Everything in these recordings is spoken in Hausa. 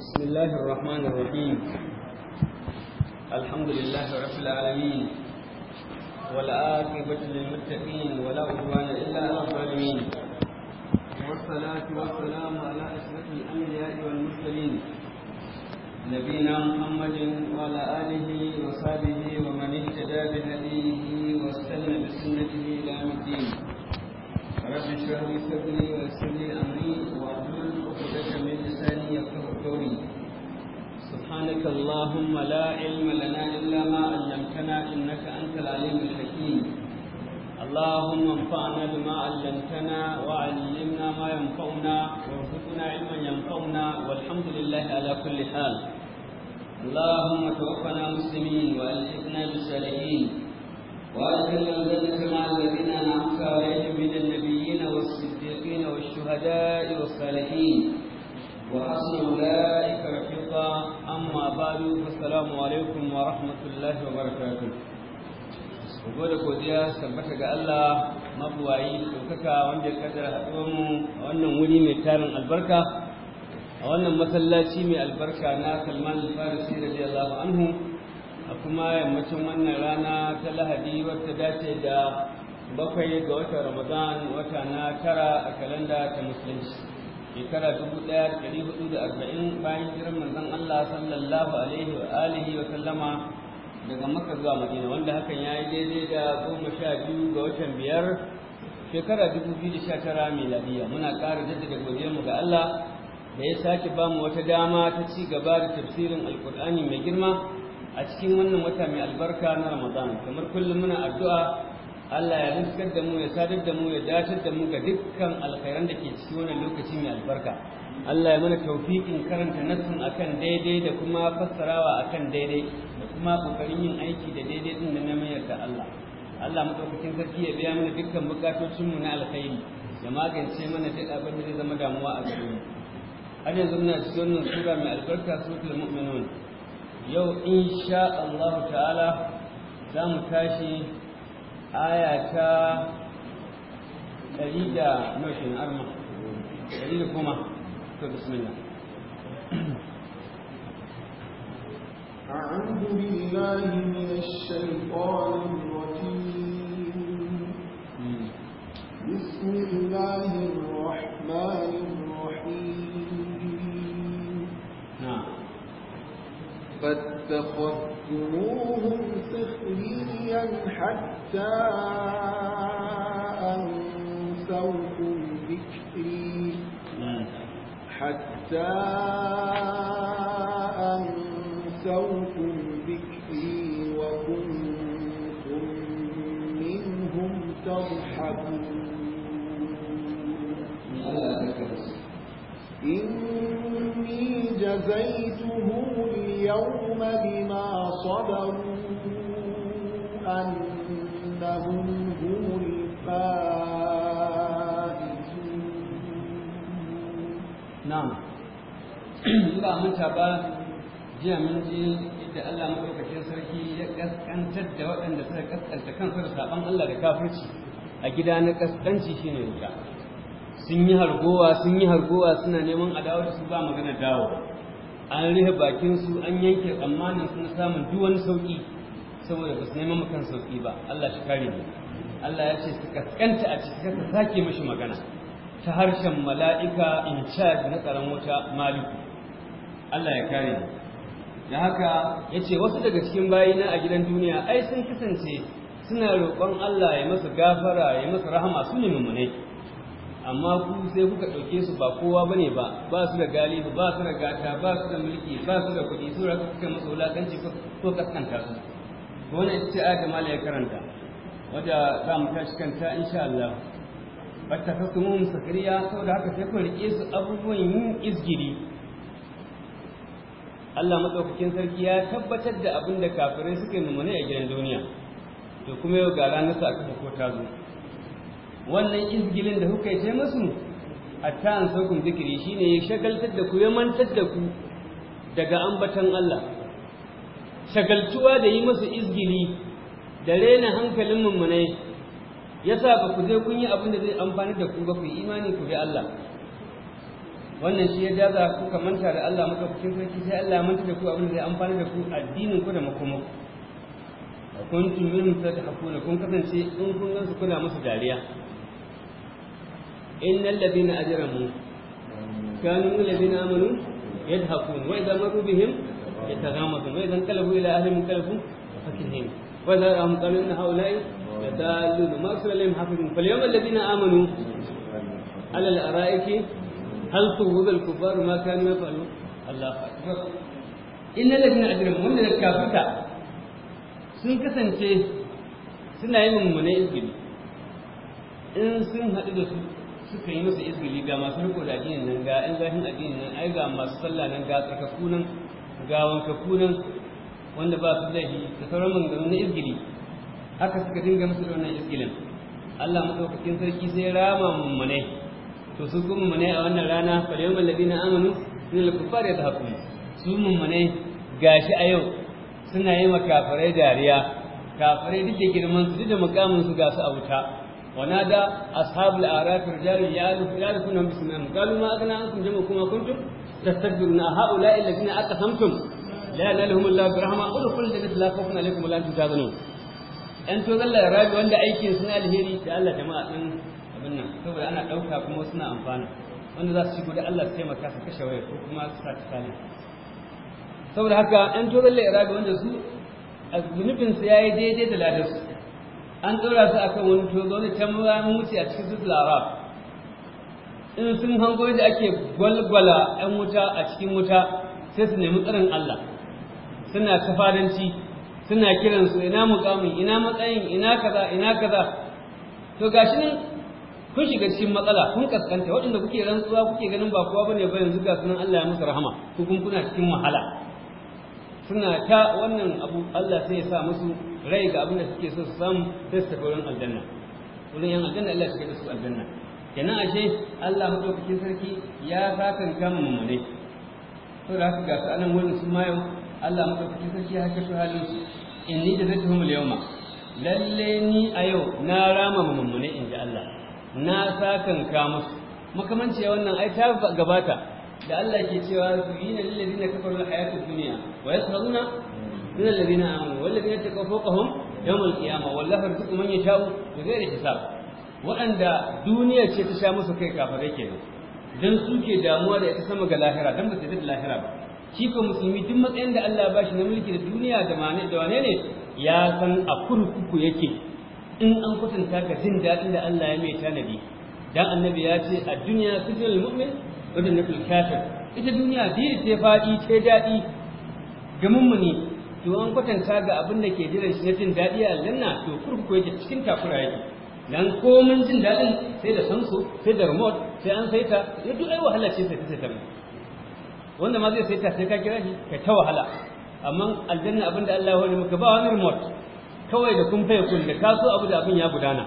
بسم الله الرحمن الرحيم الحمد لله رب العالمين والعاقبة للمتقين ولا عدوان إلا على الظالمين والصلاة والسلام على أشرف الأنبياء والمرسلين نبينا محمد وعلى آله وصحبه ومن اهتدى بهديه واستنى بسنته إلى الدين رب اشرح لي صدري ويسر لي أمري وأعلم من لساني سبحانك اللهم لا علم لنا إلا ما علمتنا إنك أنت العليم الحكيم اللهم انفعنا بما علمتنا وعلمنا ما ينفعنا وارزقنا علما ينفعنا والحمد لله على كل حال اللهم توفنا مسلمين وألحقنا بالصالحين وأدخلنا الجنة مع الذين أنعمت عليهم من النبيين والصديقين والصديقين والشهداء والصالحين وحسن أولئك رفيقا أما بعد فالسلام عليكم ورحمة الله وبركاته godiya tabbata ga Allah mabuwayi ɗaukaka wanda ya kaddara a wannan wuri mai tarin albarka a wannan masallaci mai albarka na Salman al-Farisi radiyallahu anhu a kuma yammacin wannan rana ta Lahadi wacce dace da bakwai ga watan ramadan wata na tara a kalanda ta musulunci shekara dubu ɗaya da ɗari hudu da arba'in bayan jiran manzon allah sallallahu alaihi wa alihi wa sallama daga maka zuwa madina wanda hakan ya yi daidai da goma sha biyu ga watan biyar shekara dubu biyu da sha tara miladiya muna ƙara jaddada godiyarmu ga allah da ya sake ba mu wata dama ta ci gaba da tafsirin alkur'ani mai girma a cikin wannan wata mai albarka na ramadan kamar kullum muna addu'a Allah ya riskar da mu ya sadar da mu ya datar da mu ga dukkan alkhairan da ke ciki wannan lokaci mai albarka Allah ya mana tawfiqin karanta nassin akan daidai da kuma fassarawa akan daidai da kuma kokarin yin aiki da daidai din da namayar da Allah Allah madaukakin sarki ya biya mana dukkan bukatocin mu na alkhairi ya magance mana duk abin da zai zama damuwa a gare mu har yanzu muna cikin wannan sura mai albarka suratul mu'minun yau insha Allah ta'ala za mu tashi آية كا ɗari نوشن nufin arma ɗari بسم الله أعوذ بالله من الشيطان الرجيم بسم الله الرحمن الرحيم نعم فاتخذت فاهجروهم سخريا حتى أنسوكم ذكري نعم. حتى أنسوكم ذكري وكنتم منهم تضحكون نعم. إني جزيتهم اليوم بما صبروا أنهم هم الفائزون نعم إذا من تابا jiya mun ji yadda Allah maɗaukakin sarki ya ƙasƙantar da waɗanda suka ƙasƙanta kansu da saɓon Allah da kafirci a gida na ƙasƙanci ne wuta sun yi hargowa sun yi hargowa suna neman a dawo da su ba magana dawo an rihe bakin su an yanke tsammanin sun samun duk wani sauki saboda ba su neman makan sauki ba Allah shi kare mu Allah ya ce su kanta a cikin suka sake mashi magana ta harshen mala'ika in charge na tsaron wuta maliku Allah ya kare mu da haka ya ce wasu daga cikin bayina a gidan duniya ai sun kasance suna roƙon Allah ya masa gafara ya masa rahama su ne mummunai amma ku sai kuka ɗauke su ba kowa bane ba ba su da galibi, ba su da gata ba su da mulki ba su da kuɗi su raka kuka masu wulaƙanci ko kaskanta su wani ita aya ya karanta wadda za mu tashi kanta insha Allah wata ta su mun sakariya saboda haka sai kun riƙe su abubuwan yin izgiri Allah maɗaukakin sarki ya tabbatar da abin da kafirai suka yi a gidan duniya to kuma yau ga ranar sa aka ko ta zo wannan izgilin da kuka yi ta musu hatta an sauƙin zikiri shi ya shagaltar da ku ya mantar da ku daga ambatan Allah shagaltuwa da yi masu izgili da rena hankalin mummunai ya sa ba ku je kun yi abin da zai amfani da ku ba ku yi imani ku bi Allah wannan shi ya daza ku ka manta da Allah maka madaukakin sarki sai Allah ya manta da ku abin da zai amfani da ku addinin ku da makomo kuntum minhum hakuna kun kasance in kun gansu kuna musu dariya innal ladina ajramu kanu ladina amanu yadhakun wa idza maru bihim yataghamatun wa idza qalabu ila ahlihim qalabu fakihim wa idza ra'ahum qalu inna haula'i yadallun ma arsala lahum hafizun fal yawma alladina amanu ala al ara'iki hal tuhuza al kuffar ma kanu yaf'alun Allah da sun kasance suna yin mummunan izgili in sun haɗu da su suka yi musu izgili ga masu riko da addinin nan ga ɗan zafin addinin nan ai ga masu sallah nan ga tsarkaku nan ga wankaku nan wanda ba su zai da sauran maganganu na izgili haka suka dinga musu da wannan izgilin Allah madaukakin sarki sai rama mummune to su kuma mummune a wannan rana fal mallabi na amanu min al-kuffar yadhhabun su mummune gashi a yau suna yi kafarai dariya kafarai duk da girman su duk da mukamin su ga su a wuta ونادى أصحاب الأعراف رجالا يعرفونهم بسمائهم قالوا ما أغنى عنكم جمعكم وكنتم تستكبرون هؤلاء الذين أقسمتم لا ينالهم الله برحمة قل كل الذين لا خوف عليكم ولا أنتم تحزنون أن تظل الرابع وأن أيكي سنة الهيري تعالى جماعة من أبنا saboda ana ɗauka kuma suna amfana wanda za su shigo da Allah su taimaka su kashe waya ko kuma su sa tsali saboda haka an to zalle irabi wanda su zunubin su yayi daidai da ladarsu an ɗora su akan wani tozo ne can wuce a cikin zuwa arab in sun hango yadda ake gwalgwala 'yan wuta a cikin wuta sai su nemi tsarin Allah suna tafadanci suna kiransu ina mukami, ina matsayin ina kaza ina kaza to gashi nan kun shiga cikin matsala kun kaskanta waɗanda kuke rantsuwa kuke ganin ba kowa bane ba yanzu ga sunan Allah ya musu rahama ko kun kuna cikin wahala suna ta wannan abu Allah sai ya sa musu rai ga abin da suke so su samu sai su tafi wurin aljanna wurin yan aljanna Allah shiga da su aljanna kenan ashe Allah madaukakin sarki ya sakan kama mamane to da haka ga su anan wurin su mayo Allah madaukakin sarki ya haka su halin su inni jazatuhum al-yawma lalle ni a yau na rama mamane in ji Allah na sakan ka musu makamanci wannan ai ta gabata da Allah ke cewa zuyina lil ladina kafaru kafar hayatu duniya wa yasrauna من الذين آمنوا والذين اتقوا فوقهم يوم القيامة والله يرزق من يشاء بغير حساب waɗanda duniya ce ta sha musu kai kafirai kenan dan suke damuwa da ita sama ga lahira dan ba su da lahira ba shi ko musulmi duk matsayin da Allah ba shi na mulki da duniya da mane da wane ne ya san a kurkuku yake in an kwatanta ga jin daɗin da Allah ya mai tanadi dan annabi ya ce a duniya sujudul mu'min wa dunyatul kafir ita duniya dai ce faɗi ce daɗi ga mummuni to an kwatanta ga abin da ke jiran shi na jin daɗi a aljanna to kurkuku yake cikin takura yake dan komin jin daɗin sai da sansu sai da remote sai an saita ya duk ai wahala ce sai ta wanda ma zai saita sai ka kira shi ka ta wahala amma aljanna abin da Allah ya hore maka ba wani remote kawai da kun fayyace kun da so abu da abin ya gudana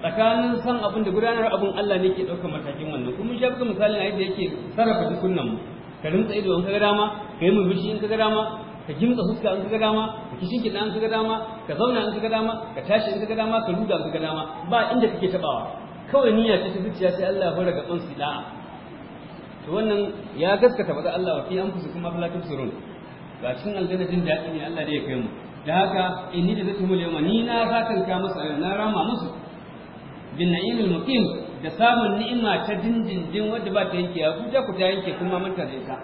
tsakanin san abin da gudanar abin Allah ne ke ɗaukar matakin wannan kuma shi abu misalin a yadda yake sarrafa dukkan mu ka rinsa ido in ka ga dama ka yi murmushi in ka ga dama ka gimsa suka an ga dama ka kishin kiɗa an ga dama ka zauna an ga dama ka tashi an ga dama ka ruga an ga dama ba inda kake tabawa kawai niyya ce ta zuciya sai Allah ya hore ga tsan sida'a to wannan ya gaskata faɗa Allah wa fi an kuma afla tubsirun ga cikin aljanna jin daɗi ne Allah da ya kai mu da haka inni da zai tumul ni na zakan ka masa eh, na rama musu bin na'imul muqim da samun ni'ima ta dindindin wanda ba ta yanke ya ku ta yanke kuma manta da ita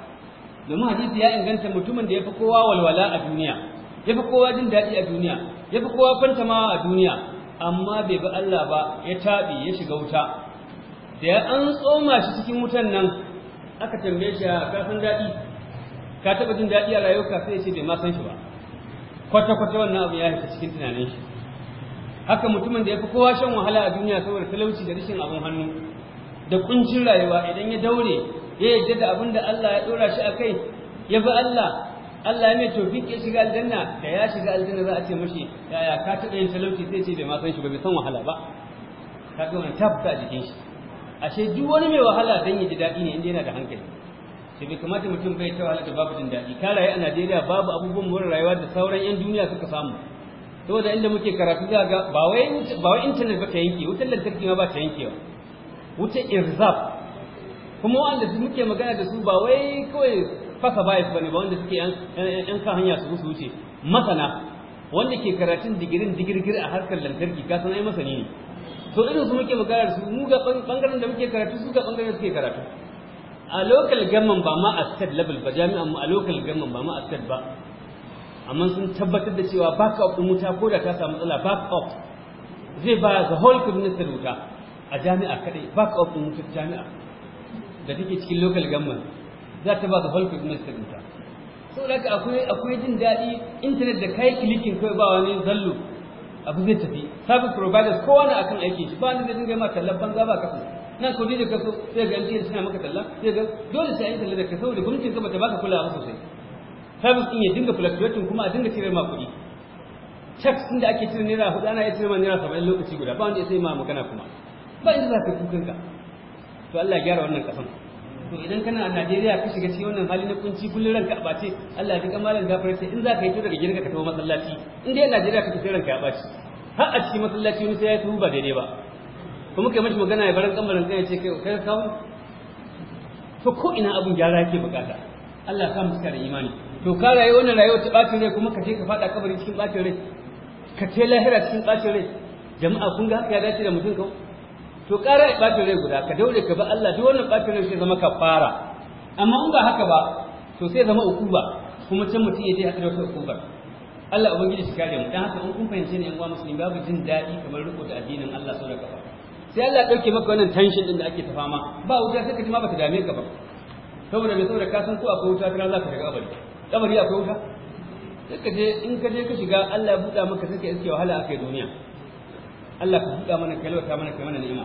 domin hadisi ya inganta mutumin da ya fi kowa walwala a duniya ya fi kowa jin daɗi a duniya ya fi kowa ma a duniya amma bai bi Allah ba ya taɓi ya shiga wuta da ya an tsoma shi cikin wutan nan aka tambaye shi a kafin daɗi ka taɓa jin daɗi a rayuwarka sai ya ce bai ma san shi ba kwata-kwata wannan abu ya haifa cikin tunanin shi haka mutumin da ya fi kowa shan wahala a duniya saboda talauci da rashin abin hannu da kuncin rayuwa idan ya daure ya yadda da abin da Allah ya dora shi akai ya bi Allah Allah ya mai tofin ya shiga aljanna da ya shiga aljanna za a ce mashi yaya ka taɓa yin talauci sai ce bai ma san shi ba bai san wahala ba ka ga wani a jikin shi ashe duk wani mai wahala dan ya ji daɗi ne inda yana da hankali sai bai kamata mutum bai ta wahala da babu jin daɗi ka rayu a Najeriya babu abubuwan more rayuwa da sauran 'yan duniya suka samu saboda inda muke karatu za ga ba wai ba wai internet ba ta yanke wutar lantarki ma ba ta yankewa wutar irzab kuma wanda su muke magana da su ba wai kawai fasa ba ne ba wanda suke yan kan hanya su wuce masana wanda ke karatun digirin digirgir a harkar lantarki ka san ai masani ne to irin su muke magana da su mu ga bangaren da muke karatu su ga bangaren suke karatu a local gamman ba ma a state level ba jami'an mu a local gamman ba ma a state ba amma sun tabbatar da cewa up din wuta ko da ta samu matsala up zai ba the whole community wuta a jami'a kadai up din wuta jami'a da take cikin local government za ta ba ka whole business ta dinta saboda haka akwai akwai jin daɗi internet da kai clicking kai ba wani zallo abu zai tafi service providers ko wani akan aikin shi ba ni zai dinga ma tallan banza ba kasu na ko da kaso sai ga MTN suna maka talla sai ga dole sai an talla da kaso da gwamnatin ka kula baka kulawa sosai service din ya dinga fluctuating kuma a dinga cire ma kuɗi checks din da ake cire naira hudu ana iya cire ma naira saba'in lokaci guda ba wanda ya sai ma magana kuma ba inda za ka kukanka to Allah ya gyara wannan kasan to idan kana a Najeriya ka shiga cikin wannan hali na kunci kullun ranka a bace Allah ya ji kamalan gafarta in za ka yi to daga gidanka ka tafi masallaci in dai a Najeriya ka tafi ranka a bace har a cikin masallaci wani sai ya tuba daidai ba kuma kai mashi magana ya baran kamarin kai ya ce kai kai kawo to ko ina abun gyara yake bukata Allah ya sa mu da imani to ka rayu wannan rayuwa ta bacin rai kuma ka je ka fada kabari cikin bacin rai ka ce lahira cikin bacin rai jama'a kun ga ya dace da mutum kawai to ƙara ya ɓata rai guda ka daure ka bi Allah duk wannan ɓata rai sai zama kafara amma in ba haka ba to sai zama ukuba kuma can mutum ya je haɗu da ukubar Allah ubangiji shi kare mu dan haka in kun fahimci ne yan uwa musulmi babu jin daɗi kamar riko da addinin Allah sura ka kafa sai Allah ɗauke maka wannan tension din da ake ta fama ba wuta sai ka ji ma bata dame ka ba saboda me saboda ka san ko akwai wuta kana za ka shiga kamar ya akwai wuta sai ka je in ka je ka shiga Allah ya buɗa maka sai ka iske wahala kai duniya Allah ka buɗa mana kai lauta mana kai mana ni'ima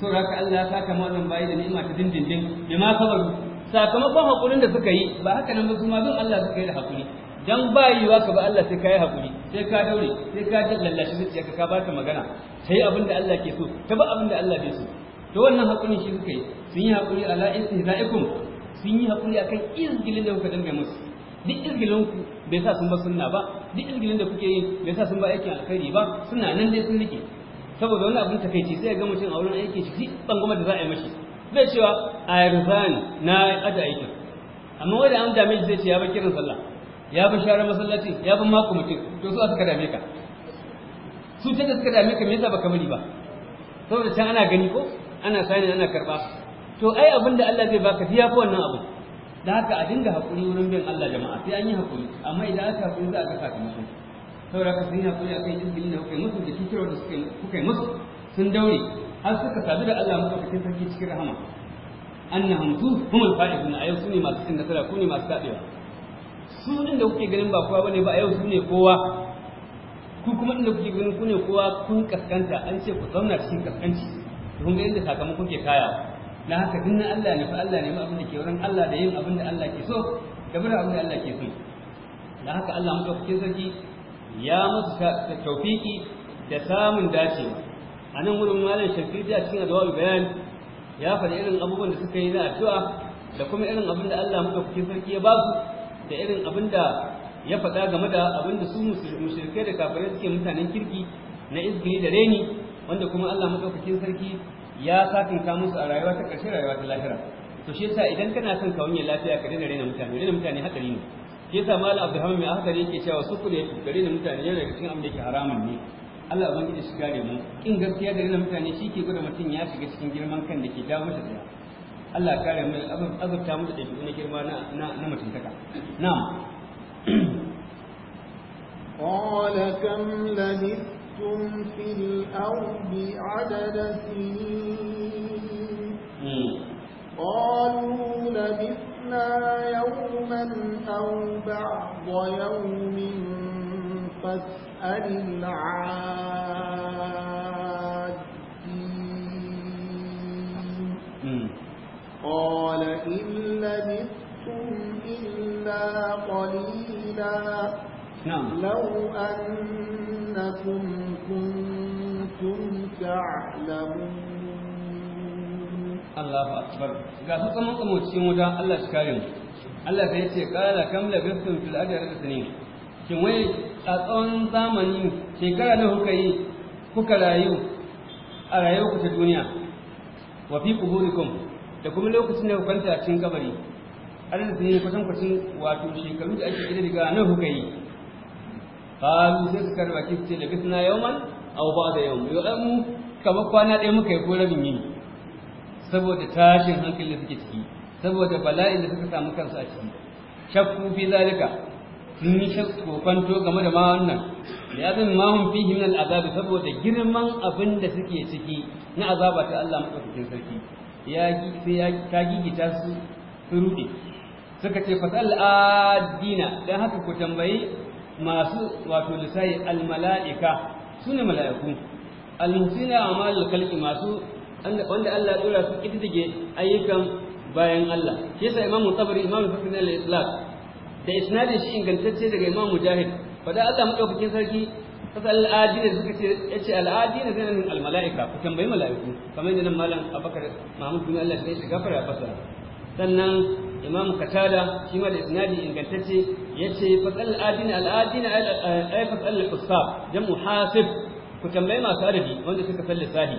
so haka Allah ya saka mu wannan bayi da ni'ima ta dindindin ma sabaru sakamakon hakurin da suka yi ba haka nan ba kuma don Allah suka yi da hakuri dan bayi wa ka ba Allah sai ka yi hakuri sai ka daure sai ka lallashi zuciya ka ba ta magana sai yi abin da Allah ke so ta ba abin da Allah bai so to wannan hakurin shi suka yi sun yi hakuri ala istihza'ikum sun yi hakuri akan izgilin da kuka dinga musu duk izgilin ku bai sa sun ba sunna ba duk izgilin da kuke yi bai sa sun ba aikin alkhairi ba suna nan dai sun nake saboda wani abin takaici sai ga mutum a wurin aiki shi goma da za a yi mashi zai cewa a rufani na aji aiki. amma wanda an dame shi zai ce ya bi kiran sallah ya bi sharar masallaci ya bi mako mutum to su suka dame ka su ce da suka dame ka me yasa baka bari ba saboda can ana gani ko ana sani ana karba to ai abin da Allah zai baka ya wannan abu. da haka a dinga hakuri wurin bin Allah jama'a sai an yi hakuri amma idan aka hakuri za a ga sakamako saboda haka sun yi hakuri akan izgilin da kuka yi musu da kikirwar da kuka yi musu sun daure har suka sadu da Allah madaukakin sarki cikin rahama annahum zu humul fa'idun a yau su ne masu cin nasara ku ne masu tabewa su din da kuke ganin ba kowa bane ba a yau su ne kowa ku kuma inda kuke ganin ku ne kowa kun kaskanta an ce ku zauna cikin kaskanci kun ga yadda sakamakon ke kaya na haka dinnan Allah ne fa Allah ne ma abin da ke wurin Allah da yin abin da Allah ke so da bura abin da Allah ke so da haka Allah cikin sarki ya musu taufiki da samun dacewa a nan wurin malin shafi'i a cikin adawar bayan ya faɗi irin abubuwan da suka yi na addu'a da kuma irin abin da Allah fi sarki ya ba su da irin abin da ya faɗa game da abin da su mushrikai da kafirai suke mutanen kirki na izgili da reni wanda kuma Allah fi sarki ya sakanka musu a rayuwa ta ƙarshe rayuwa ta lahira to shi yasa idan kana son ka lafiya ka daina rena mutane rena mutane haɗari ne shi yasa malam abdulhamid mai aka yake cewa sukul ya gare da mutane yana daga cikin abin da yake haramun ne Allah ban ubangiji shi gare mu in gaskiya gare da mutane shi ke gwada mutum ya shiga cikin girman kan da ke jawo masa tsaya Allah kare mu azabta mu da ɗabi'u na girma na na mutuntaka na'am قال كم لبثتم في الأرض عدد سنين hmm. قالوا لبثنا يوما أو بعض يوم فاسأل العادين قال إن لبثتم إلا قليلا نعم. لو أنكم كنتم تعلمون Allahu akbar ga su kuma kuma cikin wuta Allah shi kare mu Allah sai ce qala kam la bisum fil ajr sanin shin wai a tsawon zamani shekara nawa kuka yi kuka rayu a rayuwar ku ta duniya wa fi kuburikum da kuma lokacin da ku kwanta a cikin kabari arziki kusan kusan wato shekaru da ake gida daga nan kuka yi qalu sai suka raba kifce da bisna yawman aw ba'da yawm yau mu kamar kwana ɗaya muka yi ko rabin yini saboda tashin hankalin suke ciki saboda bala'in da suka samu kansu a ciki shakku fi zalika sun yi shakku kwanto game da ma wannan da ya zama mahun fi min al'azab saboda girman abin da suke ciki na azaba ta Allah madaukakin sarki ya sai ya ta gigita su su rude suka ce fasal adina dan haka ku tambayi masu wato lisai al mala'ika sune mala'iku al musina amal kalki masu wanda Allah ya dora su kididdige ayyukan bayan Allah shi yasa imamu tabari imamu fikin al-islam da isnadin shi ingantacce daga imamu mujahid fada Allah madaukakin sarki kasa al'adi ne suka ce ya ce al'adi ne zai al-mala'ika ku tambayi mala'iku kamar yadda nan malam abakar mahmud bin Allah sai shiga fara fasara sannan imam katada shi ma da isnadi ingantacce yace fasal adina al adina ay fasal al jam'u hasib ku tambayi masu arabi wanda suka san lissafi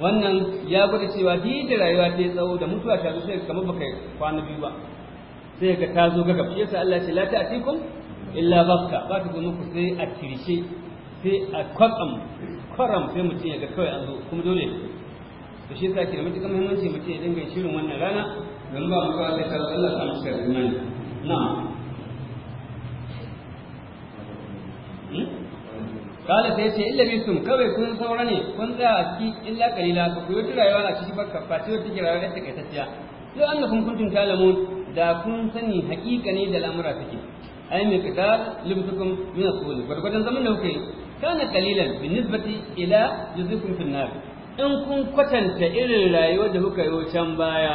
wannan ya gwada cewa duk rayuwa ta tsawo da mutuwa ta zuwa sai kamar baka kwana biyu ba sai ka ta zo gaba shi yasa Allah ce la ta'tikum illa bakka ba ta zo ku sai a kirshe sai a kwatsam kwaram sai mutum ya ga kawai an zo kuma dole da shi yasa ke da matuƙar muhimmanci mutum ya dinga shirin wannan rana don ba mu ga Allah ta Allah ta musu imani na'am hmm? kala sai ce illa bisum kawai kun saura ne kun tsaya a ciki illa qalila ku ta rayuwa a ciki bakka fati wata take rayuwa ta sai an yau annakum kuntum talamun da kun sani haƙiƙa ne da lamura take ai mai kadar libtukum min asul gurgurdan zaman da kuke kana qalilan bin nisbati ila yuzikum fil nar in kun kwatanta irin rayuwar da kuka yi can baya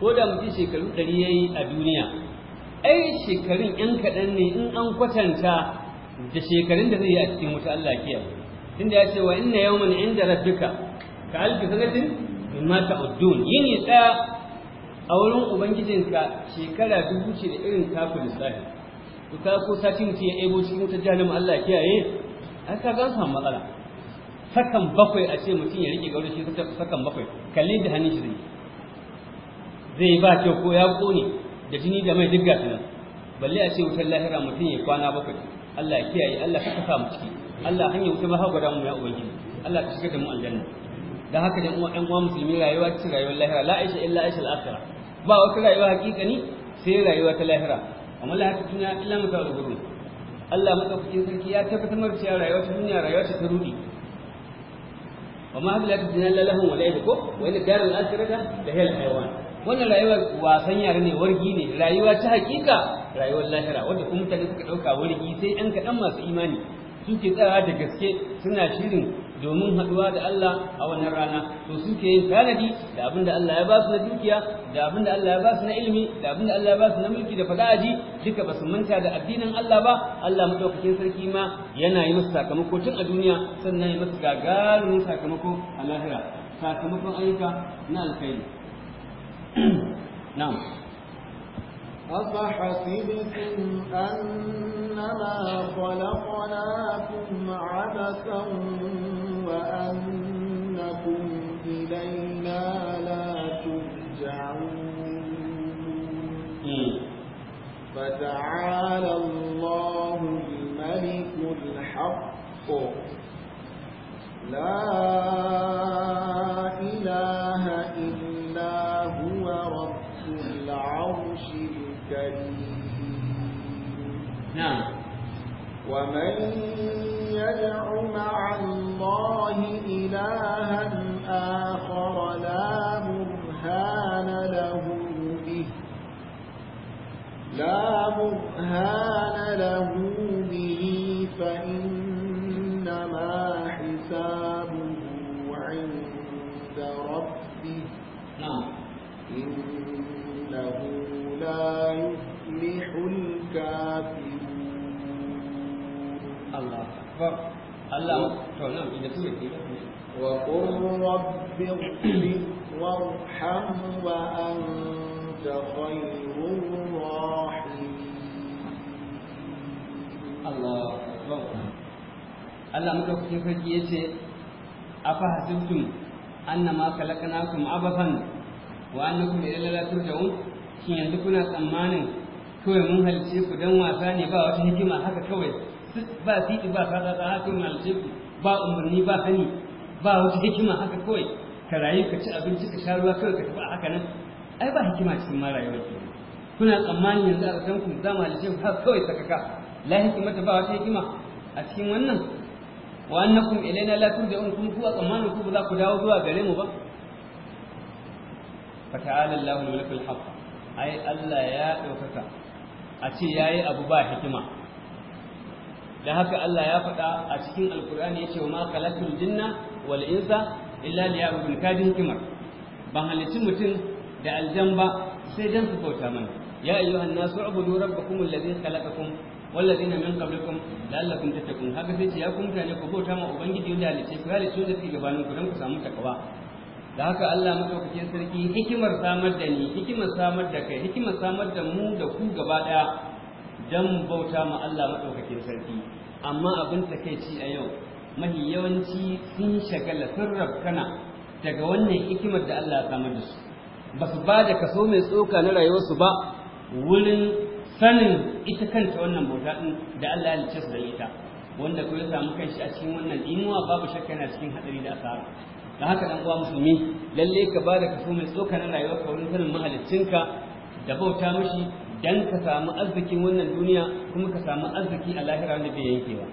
ko da mutum shekaru ɗari ya yi a duniya ai shekarun ‘yan kaɗan ne in an kwatanta da shekarun da zai yi a cikin wuta Allah ke yau tunda ya ce wa inna yawmin inda rabbika ka alfi sanatin mimma Yin ya tsaya a wurin ubangijinka shekara dubu ce da irin taku lissafi to ka ko sati mutum ya ebo cikin wuta mu Allah kiyaye an ka ga samu matsala sakan bakwai a ce mutum ya rike gauri shi sakan bakwai kalli da hannun shi zai zai ba kyau ko ya kone da jini da mai duk gasu nan balle a ce wutar lahira mutum ya kwana bakwai Allah ya kiyaye Allah ka kafa mu ciki Allah hanyar wuce ba ha mu ya ubangiji Allah ka shigar da mu aljanna dan haka dan uwan uwa musulmi rayuwa ce rayuwar lahira la aisha illa aisha al akhira ba wata rayuwa hakikani sai rayuwa ta lahira amma la haka duniya illa mata'ul ghurur Allah madaukakin sarki ya tabbatar mana cewa rayuwa ta duniya rayuwa ta rudi وما هذه لا تدين لهم ولا يبكوا وإن الدار الآخرة لهي hayawan wannan rayuwar wasan yare ne wargi ne rayuwa ta hakika rayuwar lahira wanda kuma mutane suka ɗauka wurgi sai ɗan kaɗan masu imani suke tsara da gaske suna shirin domin haɗuwa da Allah a wannan rana to suke yin tanadi da abin da Allah ya ba su na dukiya da abin da Allah ya ba su na ilimi da abin da Allah ya ba su na mulki da fada'aji duka ba su manta da addinin Allah ba Allah madaukakin sarki ma yana yi masa sakamako tun a duniya sannan ya musu gagarumin sakamako a lahira sakamakon ayyuka na alkhairi na'am أفحسبتم أنما خلقناكم عبثا وأنكم إلينا لا ترجعون فتعالى الله الملك الحق لا نعم ومن يدع مع الله إلها آخر لا برهان له به لا برهان وقل رب اغفر wa وأنت خير الراحمين الله أكبر Allah madaukakin sarki ya ce, Afa hasibtum annama khalaqnakum abathan wa annakum ila la turja'un shin yanzu kuna tsammanin kawai mun halice ku dan wasa ne ba wata hikima haka kawai ba fiɗi ba kaza ba hakin aljibu ba umarni ba hani ba wata hikima haka kawai ka rayu ka ci abinci ka sha ruwa kawai ka tafi haka nan ai ba hikima cikin ma rayuwar ke kuna tsammani yanzu a kan ku zama aljibu ha kawai sakaka la hikima ta ba wata hikima a cikin wannan wa annakum ilaina la turja'un kuma ku a tsammanin ku ba za ku dawo zuwa gare mu ba fata'ala Allahu al-malikul haqq ai Allah ya ɗaukaka a ce yayi abu ba hikima da haka Allah ya faɗa a cikin alkur'ani ya ce ma kalatul jinna wal insa illa liya'budun kadin kimar ban halitti mutum da aljan ba sai dan su bauta mana ya ayyuhan nasu ubudu rabbakum alladhi khalaqakum ladina min qablikum la'allakum tattaqun haka sai ce ya ku mutane ku bauta ma ubangiji wanda halice ku halice da suke gabanin ku dan ku samu takawa da haka Allah madaukakin sarki hikimar samar da ni hikimar samar da kai hikimar samar da mu da ku gaba daya dan bauta ma Allah madaukakin sarki amma abin takaici a yau mahi yawanci sun shagala sun rabkana daga wannan hikimar da Allah ya samar da su ba su ba da kaso mai tsoka na rayuwarsu ba wurin sanin ita kanta wannan bauta din da Allah ya halicce su da ita wanda ko ya samu kanshi a cikin wannan inuwa babu shakka yana cikin hadari da asara da haka dan uwa musulmi lalle ka ba da kaso mai tsoka na rayuwarka wurin sanin mahaliccinka da bauta mishi dan ka samu arzikin wannan duniya kuma ka samu arziki a lahira wanda bai yanke ba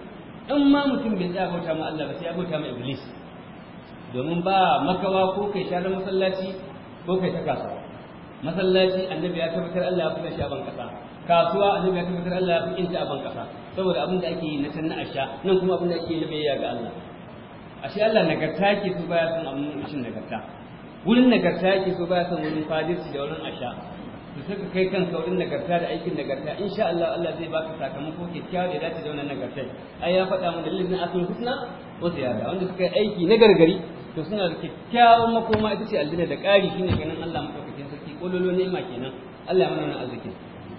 in ma mutum bai tsaya bauta ma Allah ba sai ya bauta ma iblis domin ba makawa ko kai sharar masallaci ko kai ta kasuwa masallaci annabi ya tabbatar Allah ya fuka shi a ban kasa kasuwa annabi ya tabbatar Allah ya fukin ta a ban kasa saboda abin da ake yi na sanna asha nan kuma abin da ake yi na ya ga Allah ashe Allah nagarta ke so baya son abin mutum nagarta wurin nagarta ke so baya son wurin fadirci da wurin asha da suka kai kan saurin nagarta da aikin nagarta in sha Allah Allah zai baka sakamako kyakkyawa da dace da wannan nagarta ai ya faɗa mu dalilin na asmul husna wa ziyada wanda suka yi aiki na gargari to suna da kyakkyawan makoma ita ce aljanna da ƙari shine ganin Allah madaukakin sarki kololo ni'ima kenan Allah ya mana arzikin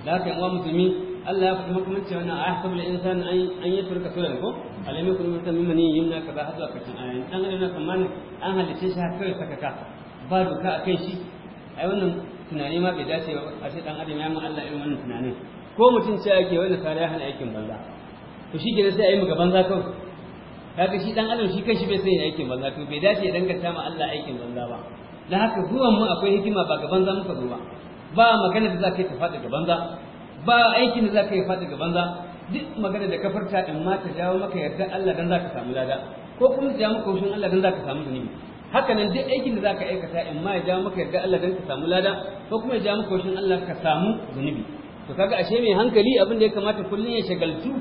da haka yan uwa musulmi Allah ya faɗi makamanci wannan a yahsabu lil insani an an yatruka sunan ko alamin kullu mutum mimman yumna kaza har zuwa karshen ayoyin dan adam na tsammanin an halice shi har kawai sakaka ba doka akan shi ai wannan tunani ma bai dace ba a sai dan adam ya mun Allah irin wannan tunanin ko mutum sai yake wani sare ya hana aikin banza to shi gidan sai a yi maka banza kawai kaga shi dan adam shi kanshi bai sai ya aikin banza to bai dace ya danganta ma Allah aikin banza ba dan haka zuwan mu akwai hikima ba ga banza muka zo ba ba magana da za ka yi ta faɗi ga banza ba aikin da za ka yi faɗi ga banza duk magana da ka furta in ma ta jawo maka yarda Allah dan za ka samu lada ko kuma ta jawo maka haushin Allah dan za ka samu zunubi haka nan duk aikin da zaka aikata in ma ya ja maka yarda Allah dan ka samu lada ko kuma ya ja maka washin Allah ka samu zunubi to kaga ashe mai hankali abin da ya kamata kullun ya shagaltu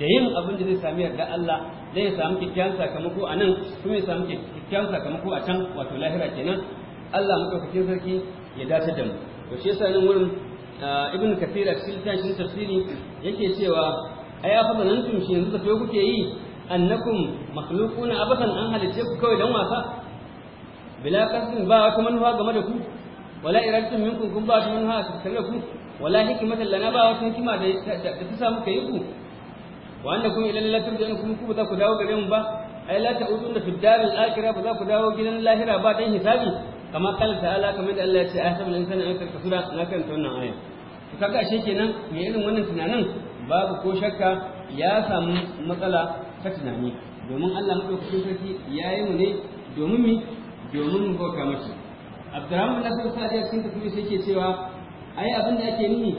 da yin abin da zai sami yarda Allah zai samu kikkiawan sakamako a nan kuma ya samu kikkiawan sakamako a can wato lahira kenan Allah madaukakin sarki ya dace da mu to shi yasa nan wurin ibn kathir a cikin tashin tafsiri yake cewa ai afa zanantum shi yanzu da kuke yi annakum makhluquna abasan an halice ku kawai dan wasa bila qasdin ba wata manufa game da ku wala iradatun minkum kun ba wata manufa a tattare da ku wala hikmatan lana ba wata hikima da ta samu yi ku wa annakum ila la da kun ku ba ku dawo gare mu ba a yi ta'uduna fi dar al-akhirah ba za ku dawo gidan lahira ba dan hisabi kama kala ta'ala kamar da Allah ya ce ahsabul insana an karkasu kasura na kan wannan aya to kaga ashe kenan me irin wannan tunanin babu ko shakka ya samu matsala ta tunani domin Allah madaukakin sarki yayi mu ne domin mi domin mu bauta na abdurrahman sa sadiya sun kuma sai ke cewa ai abin da ake nuni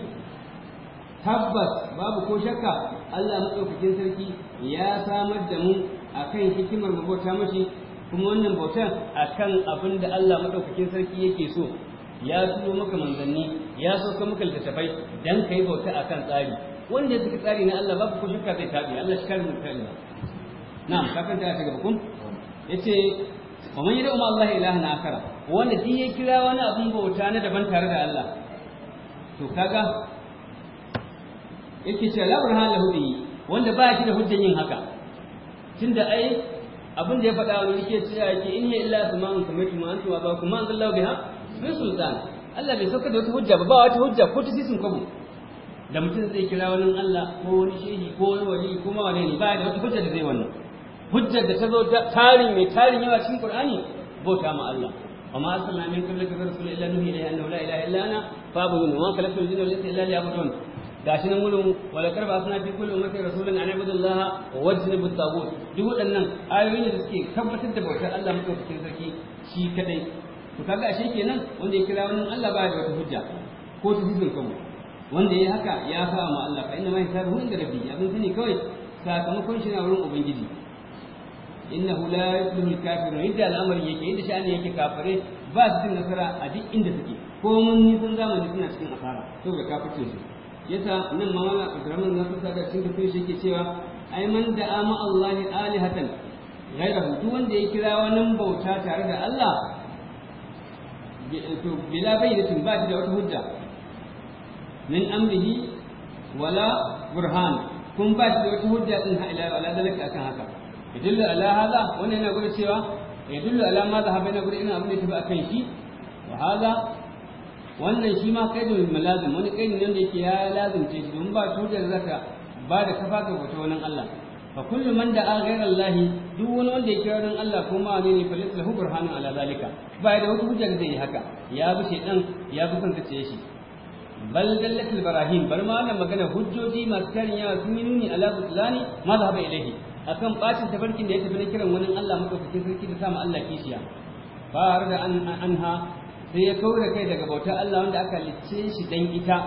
tabbas babu ko shakka Allah madaukakin sarki ya samar da mu akan hikimar mu bauta mashi kuma wannan bautan akan abin da Allah madaukakin sarki yake so ya tuno maka manzanni ya sauka maka littattafai dan kai bauta akan tsari wanda yake tsari na Allah babu ko shakka zai tabi Allah shi kan mutane na'am kafin ta ta gaba kun yace wa man yad'u ma Allah ilahan akara wanda duk ya kira wani abun bauta na daban tare da Allah to kaga yake cewa la burhan lahu bi wanda ba shi da hujjan yin haka tunda ai abun da ya faɗa wani yake cewa yake in ya illa sumanun kamatu ma antu wa ba kuma an zallahu biha min sultan Allah bai sauka da wata hujja ba ba wata hujja ko ta sisin kwabo da mutum zai kira wani Allah ko wani shehi ko wani wali ko ma wani ne ba da wata hujja da zai wannan hujjar da ta zo tarin mai tarin yawa cikin Qur'ani bauta ma Allah وما أرسلنا من قبلك من رسول إلا نوحي la أنه babu إله إلا أنا فاعبدون وما خلقت الجن والإنس إلا ليعبدون gashi nan mulmu wala karba suna fi kullu ummati rasulun an ibudu Allah wa wajnibu tagut duk waɗannan ayoyi ne da suke tabbatar da bautar Allah mutum cikin sarki shi kadai to kaga ashe kenan wanda ya kira wannan Allah baya da wata hujja ko ta hujjar kanmu wanda ya haka ya fa'a ma Allah fa inna ma hisabuhu inda rabbi abin sani kawai sakamakon shi na wurin ubangiji innahu la yuflihu al-kafirun inda al'amari yake inda sha'ani yake kafire ba su cin nasara a duk inda suke ko mun nisan zamani suna cikin asara saboda kafircin su yasa nan ma mala Abdurrahman Nasir da cikin tafsir shi yake cewa ai man da'a ma Allah alihatan ghairahu duk wanda ya kira wannan bauta tare da Allah to bila bayyinatin ba shi da wata hujja min amrihi wala kun ba shi da hujja akan haka yadullu ala hadha wannan yana gudu cewa yadullu ala ma zahaba yana gudu ina abin da tafi akan shi wa hadha wannan shi ma kai da malazim wani kai ne wanda yake ya lazimce shi domin ba da zaka ba da kafa ga wata wani Allah fa kullu man da'a ghayra Allah duk wani wanda ya kira wani Allah kuma ne ne fa lahu burhanun ala zalika ba da wata hujja da zai yi haka ya bi shedan ya bi kanka ce shi bal dallat al barahim bar ma wannan magana hujjoji masu tarin yawa sun yi nuni ala butlani mazhaba ilayhi akan bacin tafarkin da ya tafi na kiran wani Allah madaukakin sarki da sama Allah kishiya Ba har da anha sai ya kaura kai daga bautar Allah wanda aka lice shi dan ita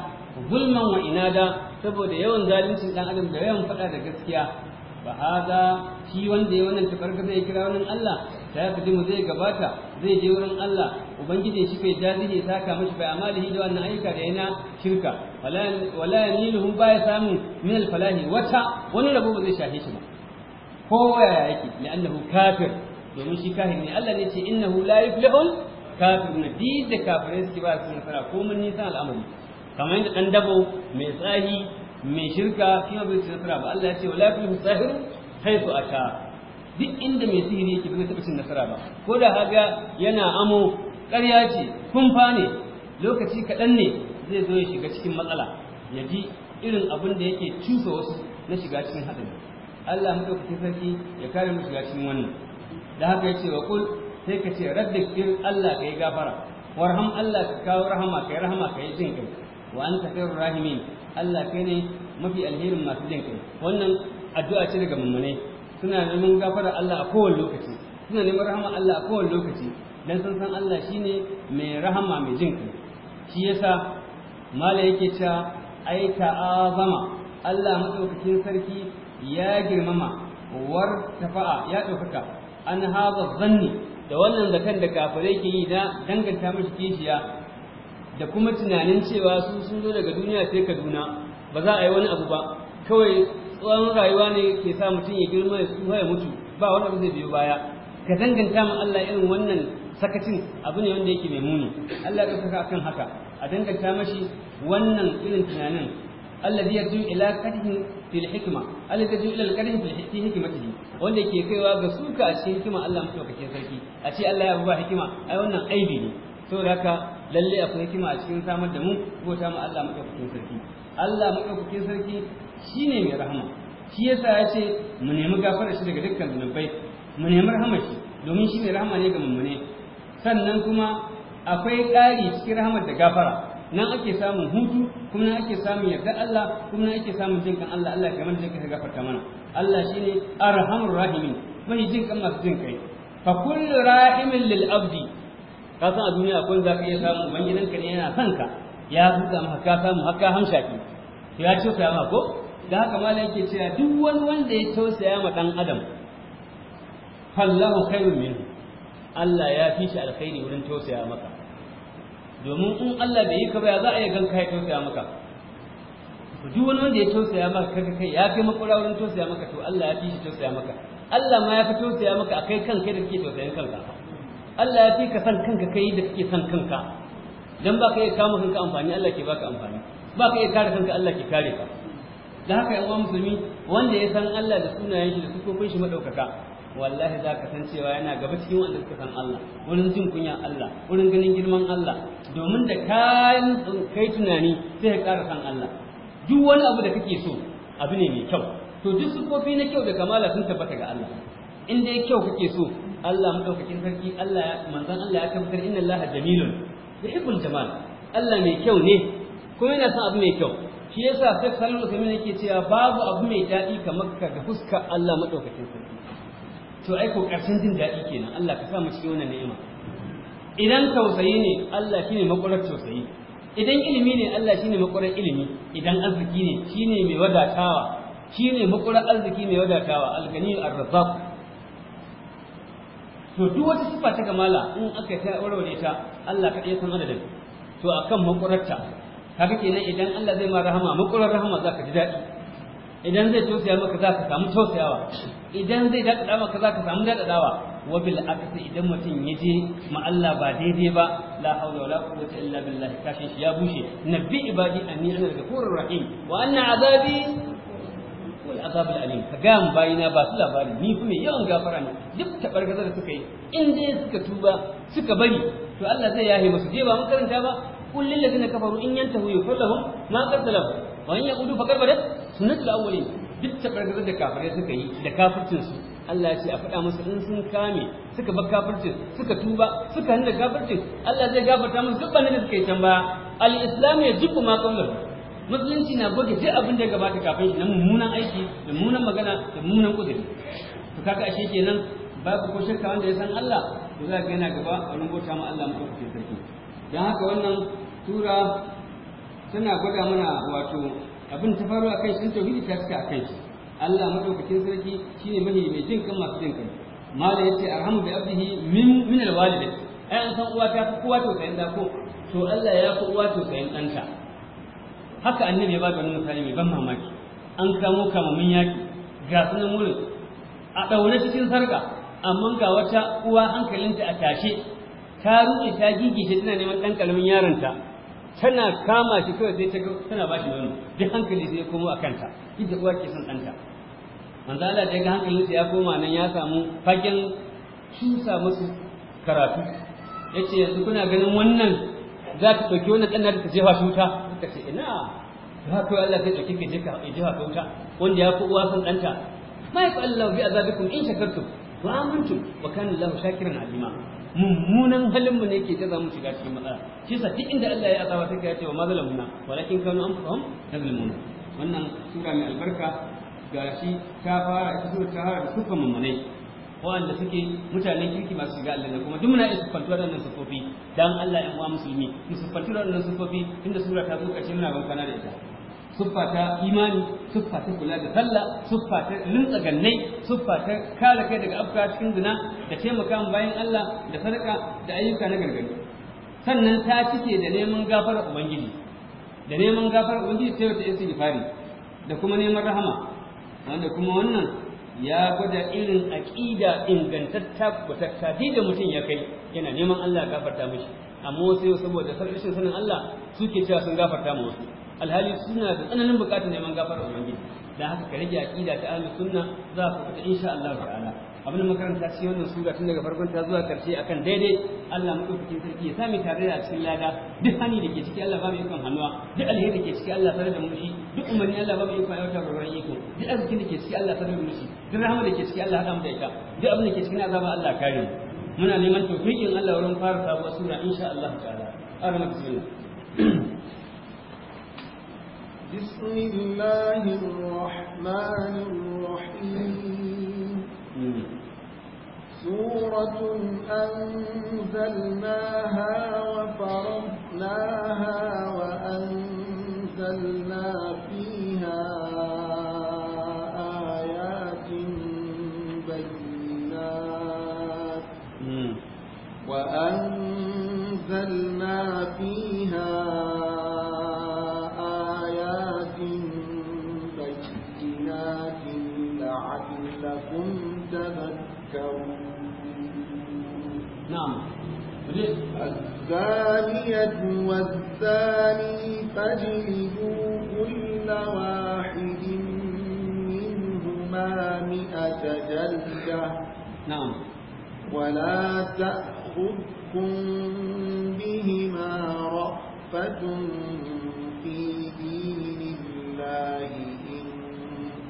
zulman wa inada saboda yawan zaluncin dan adam da yawan faɗa da gaskiya ba haza shi wanda ya wannan tafarka zai kira wani Allah ta mu zai gabata zai je wurin Allah ubangiji shi kai bai jazihe saka mashi bai amali da wannan ayyuka da yana shirka wala yamiluhum ba ya samu min alfalahi wata wani rabo ba zai shafe shi ba kowa ya yake li'annahu kafir domin shi kafir ne Allah ne ce innahu la yuflihul kafirun di da kafirai suke ba su nasara ko mun nisa al'amari kamar yadda dan dabo mai tsahi mai shirka shi ma bai ci nasara ba Allah ya ce wala yuflihul sahir haythu ata duk inda mai sihiri yake bai taɓa cin nasara ba ko da haga yana amo ƙarya ce kumfa ne lokaci kaɗan ne zai zo ya shiga cikin matsala ya ji irin abin da yake cusa wasu na shiga cikin haɗari Allah madaukakin sarki ya kare mu shiga cikin wannan da haka yace wa kul sai ka ce rabbikir Allah kai gafara warham Allah ka kawo rahama kai rahama kai jin kai wa anta khairur rahimin Allah kai ne mafi alherin masu jin kai wannan addu'a ce daga mummune suna neman gafara Allah a kowane lokaci suna neman rahama Allah a kowane lokaci dan san san Allah shine mai rahama mai jin kai shi yasa mala yake cewa ai azama, Allah madaukakin sarki ya girmama war tafa'a ya ɗaukaka an haza zanni da wannan zakan da kafirai ke yi na danganta mashi kishiya da kuma tunanin cewa su sun zo daga duniya sai kaduna ba za a yi wani abu ba kawai tsawon rayuwa ne ke sa mutum ya girma ya ya mutu ba wani abu zai biyo baya ka danganta ma Allah irin wannan sakacin abu ne wanda yake mai muni Allah ya ɗaukaka akan haka a danganta mashi wannan irin tunanin alladhi yadu ila qadhi fil hikma alladhi yadu ila qadhi fil hikmatihi wanda ke kaiwa ga suka a cikin hikima Allah madaukakin sarki a ce Allah ya ba hikima ai wannan aibi ne saboda haka lalle akwai hikima a cikin samar da mu ta mu Allah madaukakin sarki Allah madaukakin sarki shine mai rahama shi yasa ya ce mu nemi gafara shi daga dukkan zunubai mu nemi rahama shi domin shi mai rahama ne ga ne sannan kuma akwai ƙari cikin rahama da gafara nan ake samun hutu kuma nan ake samun yarda Allah kuma nan ake samun jin kan Allah Allah kamar da ka gafarta mana Allah shine arhamur rahimin mai jin kan masu jin kai fa kullu rahimin lil abdi ka san a duniya kun zaka iya samu manginan ka ne yana son ka ya buga maka ka samu ka hamsha ki to ya ce ma ko da haka malai yake cewa duk wani wanda ya tausaya ma dan adam fallahu khairun minhu Allah ya fi shi alkhairi wurin tausaya maka domin in Allah bai yi ka ba za a iya ganka ya tausaya maka duk wani wanda ya tausaya maka kaga kai ya kai makura wurin tausaya maka to Allah ya fi shi tausaya maka Allah ma ya fi tausaya maka a kai kanka da kake tausayin kanka Allah ya fi ka san kanka kai da kake san kanka dan ka iya kama kanka amfani Allah ke baka amfani Ba ka iya kare kanka Allah ke kare ka da haka yan uwa musulmi wanda ya san Allah da sunayen shi da sufofin shi madaukaka wallahi za ka san cewa yana gaba cikin wanda suka san Allah wurin jin kunya Allah wurin ganin girman Allah domin da kayan kai tunani sai ka ƙara san Allah duk wani abu da kake so abu ne mai kyau to duk kofi na kyau da kamala sun tabbata ga Allah in dai kyau kake so Allah madaukakin sarki Allah manzon Allah ya tabbatar inna Allah jamilun yuhibbul jamal Allah mai kyau ne kuma yana son abu mai kyau shi yasa sai sallallahu alaihi wasallam yake cewa babu abu mai daɗi kamar ka ga fuskar Allah madaukakin sarki to ai ko karshen jin daɗi kenan Allah ka sa mu cikin wannan ni'ima idan tausayi ne Allah shine makwarar tausayi idan ilimi ne Allah shine makwarar ilimi idan arziki ne shine mai wadatawa shine makwarar arziki mai wadatawa ar-razzaq to duk wata sifa ta kamala in aka ta warware ta Allah ka iya san adadin to akan makwararta kaga kenan idan Allah zai ma rahama makwarar rahama zaka ji daɗi idan zai tausaya maka za ka samu tausayawa idan zai daɗaɗa maka za ka samu daɗaɗawa wa bil akasi idan mutum ya je ma Allah ba daidai ba la hawla wala quwwata illa billah kashin shi ya bushe nabbi ibadi anni ana ghafurur rahim wa anna azabi wal azab al alim ka ga mun bayina ba su labari ni kuma yawan gafara ne duk tabargaza da suka yi in dai suka tuba suka bari to Allah zai yahe musu je ba mun karanta ba kullil ladina kafaru in yantahu yufallahum ma qad wa in yaqudu faqad badat sunnatul awwalin duk tabargazar da kafirai suka yi da kafircin su Allah ya ce a faɗa musu in sun kame suka bar kafircin suka tuba suka hanna kafircin Allah zai gafarta musu duk da suka yi can baya al-islam ya jibbu ma qablahu musulunci na goge duk abin da ya gabata kafin na mummunan aiki da mummunan magana da mummunan kuzuri to kaga ashe kenan babu ko shakka wanda ya san Allah to za ka yana gaba a wurin bauta ma Allah mutum sarki dan haka wannan tura tana gwada mana wato abin ta faru kai sun tauhidi ta cika akai Allah madaukakin sarki shine mai mai jin kan masu jin kai mala yace arhamu bi abdihi min min alwalidin ai an san uwa ta fi kowa tausayin da ko to Allah ya fi uwa tausayin ɗanta haka annabi ya ba da wani misali mai ban mamaki an samo kamamin yaki ga sunan wurin a ɗaure cikin sarka amma ga wata uwa hankalinta a tashe ta rufe ta shi tana neman ɗan ƙaramin yaronta tana kama shi kawai sai ta ga tana ba shi nono duk hankali sai ya komo a kanta yadda uwa ke son ɗanta manzo Allah da ga sai ya koma nan ya samu fagen cusa musu karatu yace yanzu kuna ganin wannan za ta ɗauki wannan ɗan ta jefa shi wuta ce ina za ka Allah zai ɗauki ka je ka jefa wuta wanda ya fi uwa son ɗanta mai yafi Allah bi azabikum in shakartum wa amantum wa kana Allah shakiran alima mummunan halin mu ne ke ta zamu shiga cikin matsala shi yasa duk inda Allah ya azaba sai ka ce wa mazlamuna walakin kanu anfusahum yazlimuna wannan sura mai albarka gashi ta fara ita sura ta fara da mummune wanda suke mutanen kirki masu shiga Allah ne kuma duk muna da sufantu waɗannan sufofi dan Allah ya uwa musulmi mu sufantu waɗannan sufofi inda sura ta zo ƙarshe muna bankana da ita siffa ta imani siffa ta kula da sallah siffa ta lintsa gannai siffa ta kare kai daga afka cikin zina da taimaka bayan Allah da sadaka da ayyuka na gargadi sannan ta cike da neman gafarar ubangiji da neman gafarar ubangiji sai wata istighfari da kuma neman rahama wanda kuma wannan ya gwada irin aƙida ingantatta kutatta da mutum ya kai yana neman Allah gafarta mishi amma wasu saboda rashin sanin Allah suke cewa sun gafarta ma wasu alhali suna da tsananin bukatar neman gafarar ubangiji dan haka ka rage aqida ta ahlus sunna za ku fita insha Allah ta'ala abin makaranta shi wannan sura tun daga farkon ta zuwa karshe akan daidai Allah madaukakin sarki ya sami tare da cikin lada duk hani da ke ciki Allah ba mu ikon hannuwa duk alheri da ke ciki Allah da mu shi duk umarni Allah ba mu ikon aiwatar da ruwan duk da ke ciki Allah da mu shi duk rahama da ke ciki Allah mu da ita duk abin da ke cikin azaba Allah kare mu muna neman tawfiqin Allah wurin fara sabuwar sura insha Allah ta'ala bismillah بسم الله الرحمن الرحيم سورة أنزلناها وفرضناها وأنزلنا فيها آيات بينات وأنزلنا فيها الزانية والزاني فاجلدوا كل واحد منهما مئة جلدة نعم ولا تأخذكم بهما رأفة في دين الله إن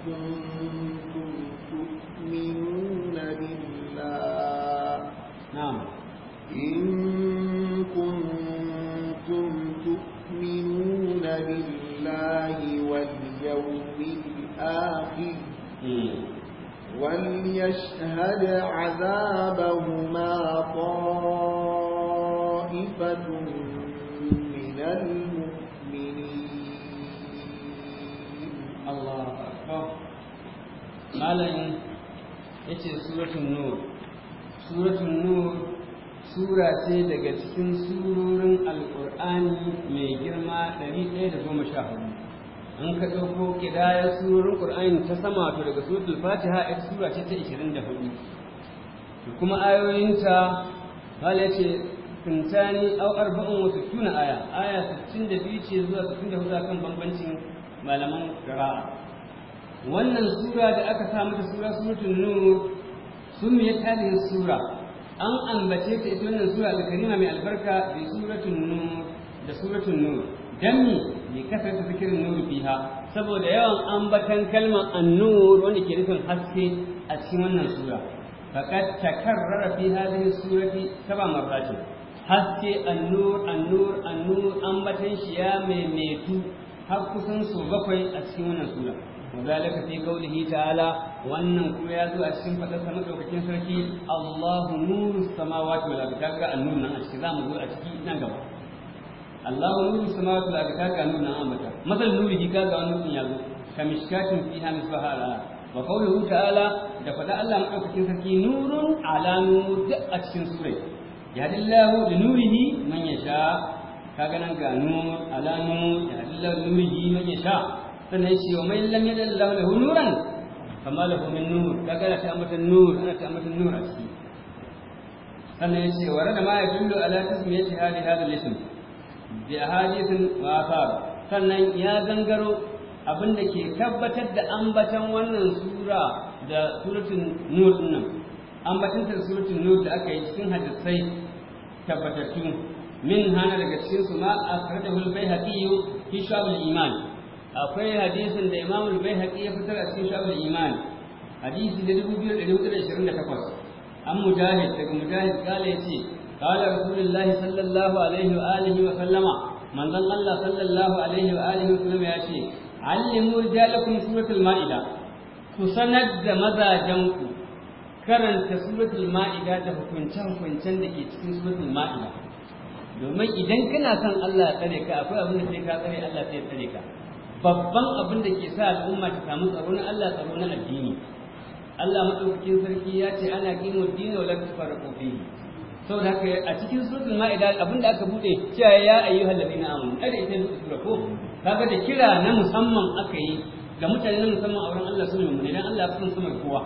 كنتم تؤمنون بالله نعم وليشهد عذابهما طائفة من المؤمنين الله أكبر مالا yace suratul nur suratul nur sura ce daga cikin sururin alqur'ani mai girma ɗari ɗaya da 114 An ka ɗauko ƙidayar surorin ƙur'ani ta sama to daga suratul fatiha ita sura ce ta 24 to kuma ayoyinta hal yace tuntani au arba'un wa sittuna aya aya 62 ce zuwa 64 kan bambancin malaman qira'a wannan sura da aka sa mata sura suratul nur sumiyat hadhihi sura an ambace ta ita wannan sura al-karima mai albarka da suratul nur da suratul nur dan li kasrati zikrin nur fiha saboda yawan ambatan kalmar an wanda ke nufin haske a cikin wannan sura faqad takarrara fi hadhihi surati sab'a marratin haske an-nur an an ambatan shi ya maimaitu har kusan su bakwai a cikin wannan sura وذلك في قوله تعالى wannan kuma ya zo a cikin fadarsa madaukakin sarki Allahu nuru samawati wal ardi kaga annun a cikin zamu zo a ciki nan gaba Allahu nuru samawati wal ardi kaga nuna ambata masal nurihi kaga wannan nuna yazo kamishkatin fiha misbaha ala wa qawluhu ta'ala da fada Allah madaukakin sarki nurun ala nur a cikin sura yahdillahu bi nurihi man yasha kaga nan ga nur ala nur ya bi nurihi man yasha sannan shi wa man lam yadallahu lahu nuran kama lahu min nur kaga ana ta ambata nur ana ta ambata nur a ciki sannan ya ce wa rana ma ya dillu ala tasmiyati hadhihi hadha al-ism bi hadisin wa sannan ya gangaro abin da ke tabbatar da ambatan wannan sura da suratun nur nan ambatan ta suratun nur da aka yi cikin hadisai tabbatattu min hana daga cikin su ma akhrajahu al-baihaqi fi shabul iman akwai hadisin da imamu al-Baihaqi ya fitar a cikin shabul iman hadisi da 2228 an mujahid daga mujahid kala yace قال رسول الله صلى الله عليه وآله وسلم من ظل الله صلى الله عليه وآله وسلم يا شيء علموا رجالكم سورة المائدة كسند مزاجنكم karanta suratul ma'ida da hukunce-hukuncen da ke cikin suratul ma'ida domin idan kana son Allah ya tsare ka akwai abin da sai ka tsare Allah sai tsare ka babban abin da ke sa al'umma ta samu tsaro na Allah tsaro na addini Allah madaukakin sarki ya ce ana qimud dinu la tufarqu fihi saboda haka a cikin suratul ma'ida abin da aka bude cewa ya na ladina amanu da ita su sura ko kaga da kira na musamman aka yi ga mutane na musamman a wurin Allah sunan mu idan Allah sun sama kowa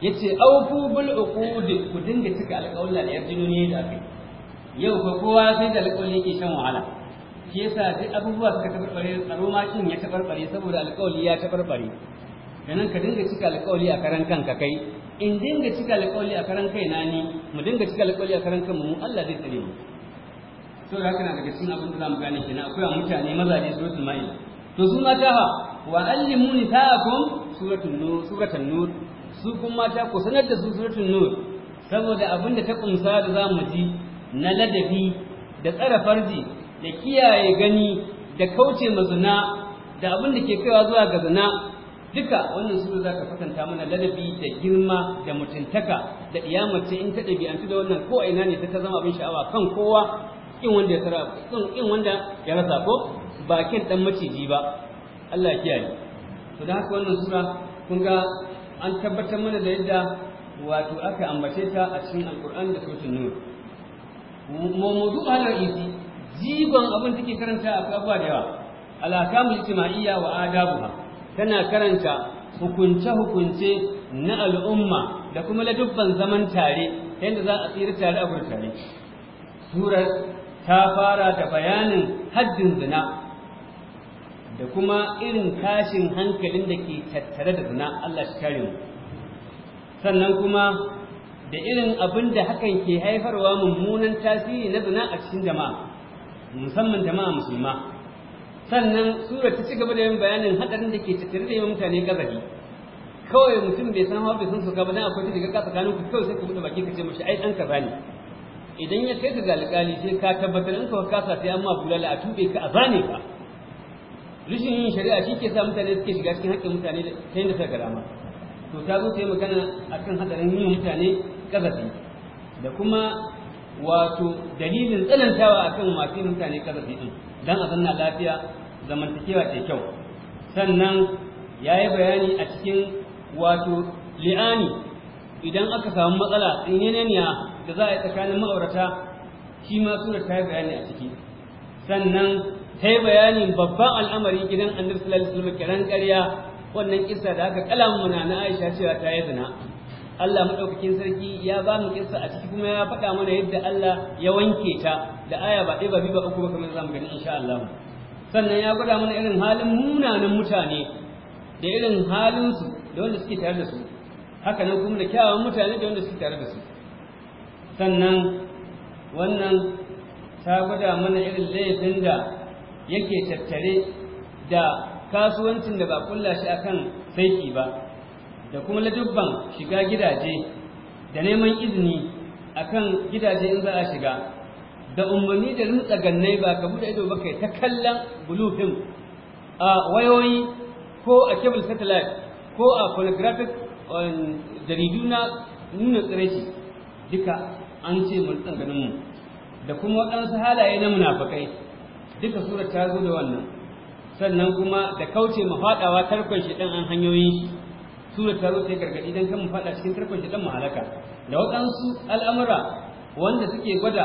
Ya ce auku bil uqud ku dinga cika alƙawalla da yarjinoni da aka yi yau fa kowa sai da alƙawali yake shan wahala shi yasa duk abubuwa suka tabarbare tsaro ma shin ya tabarbare saboda alƙawali ya tabarbare kenan ka dinga cika alƙawali a karan kanka kai in dinga cika alƙawari a karan kai na ni mu dinga cika alƙawari a karan kanmu mu Allah zai tsare mu da haka na daga cikin abin da zamu gane kenan akwai a mutane mazaje su mai to su mata ha wa allimu nisaakum suratul nur suratul nur su kuma mata ku sanar da su suratul nur saboda abin da ta kumsa da zamu ji na ladabi da tsara farji da kiyaye gani da kauce mazuna da abin da ke kaiwa zuwa ga zina duka wannan suna za ka kwatanta mana ladabi da girma da mutuntaka da iyamace in ta ɗabi'antu da wannan ko ina ne ta zama abin sha'awa kan kowa in wanda ya tara in wanda ya rasa ko bakin dan maciji ba Allah ya kiyaye to da haka wannan sura kun ga an tabbatar mana da yadda wato aka ambace ta a cikin alkur'ani da sautin nur mawdu'u halar isi jigon abin take karanta a abubuwa da yawa al-ahkamul ijtima'iyya wa adabuha tana karanta hukunce-hukunce na al'umma da kuma ladubban zaman tare yadda za a tsira tare a tare surar ta fara da bayanin haddin zina da kuma irin kashin hankalin da ke tattare da zina Allah shi kare mu sannan kuma da irin abin da hakan ke haifarwa mummunan tasiri na zina a cikin jama'a musamman jama'a musulma sannan surar ta ci gaba da yin bayanin hadarin da ke tattare da yin mutane kazari kawai mutum bai san hawa bai san soka ba dan akwai daga ka tsakanin ku kawai sai ku bude baki ka ce mashi ai dan kaza ne idan ya kai ta ga alƙali sai ka tabbatar in ka kasa sai amma bulala a tube ka a zane ka rishin yin shari'a shi ke sa mutane suke shiga cikin haƙƙin mutane da ta yadda suka rama to ta zo ta yi magana kan hadarin yin mutane kazafi da kuma wato dalilin tsanantawa akan masu mutane kazafi din dan a zanna lafiya zamantakewa ta kyau sannan ya yi bayani a cikin wato li'ani idan aka samu matsala tsineneniya da za a yi tsakanin ma'aurata shi ma surar ta yi bayani a ciki sannan ta yi bayani babban al'amari gidan annabi sallallahu alaihi wasallam kiran ƙarya wannan kissa da aka muna na Aisha cewa ta yi zina Allah maɗaukakin sarki ya ba mu kissa a ciki kuma ya faɗa mana yadda Allah ya wanke ta da aya ba ɗaya ba biyu ba uku ba kamar za mu gani insha Allah. sannan ya gwada mana irin halin munanan mutane da irin halinsu da wanda suke tare da su haka nan kuma da kyawawan mutane da wanda suke tare da su sannan wannan ta gwada mana irin laifin da yake tattare da kasuwancin da ba kulla shi akan saiki ba da kuma ladubban shiga gidaje da neman izini akan gidaje in za a shiga da umarni da rutsa gannai ba ka buɗe ido ba kai ta kallon bulufin a wayoyi ko a cable satellite ko a pornographic um, jaridu na nuna tsirashi duka an ce mulkan rutsa ganinmu da kuma waɗansu halaye na munafakai duka sura ta zo da wannan sannan kuma da kauce mu faɗawa tarkon shi ɗan an hanyoyi sura ta zo sai gargaɗi don kan mu faɗa cikin tarkon shi ɗan mu halaka da waɗansu al'amura wanda suke gwada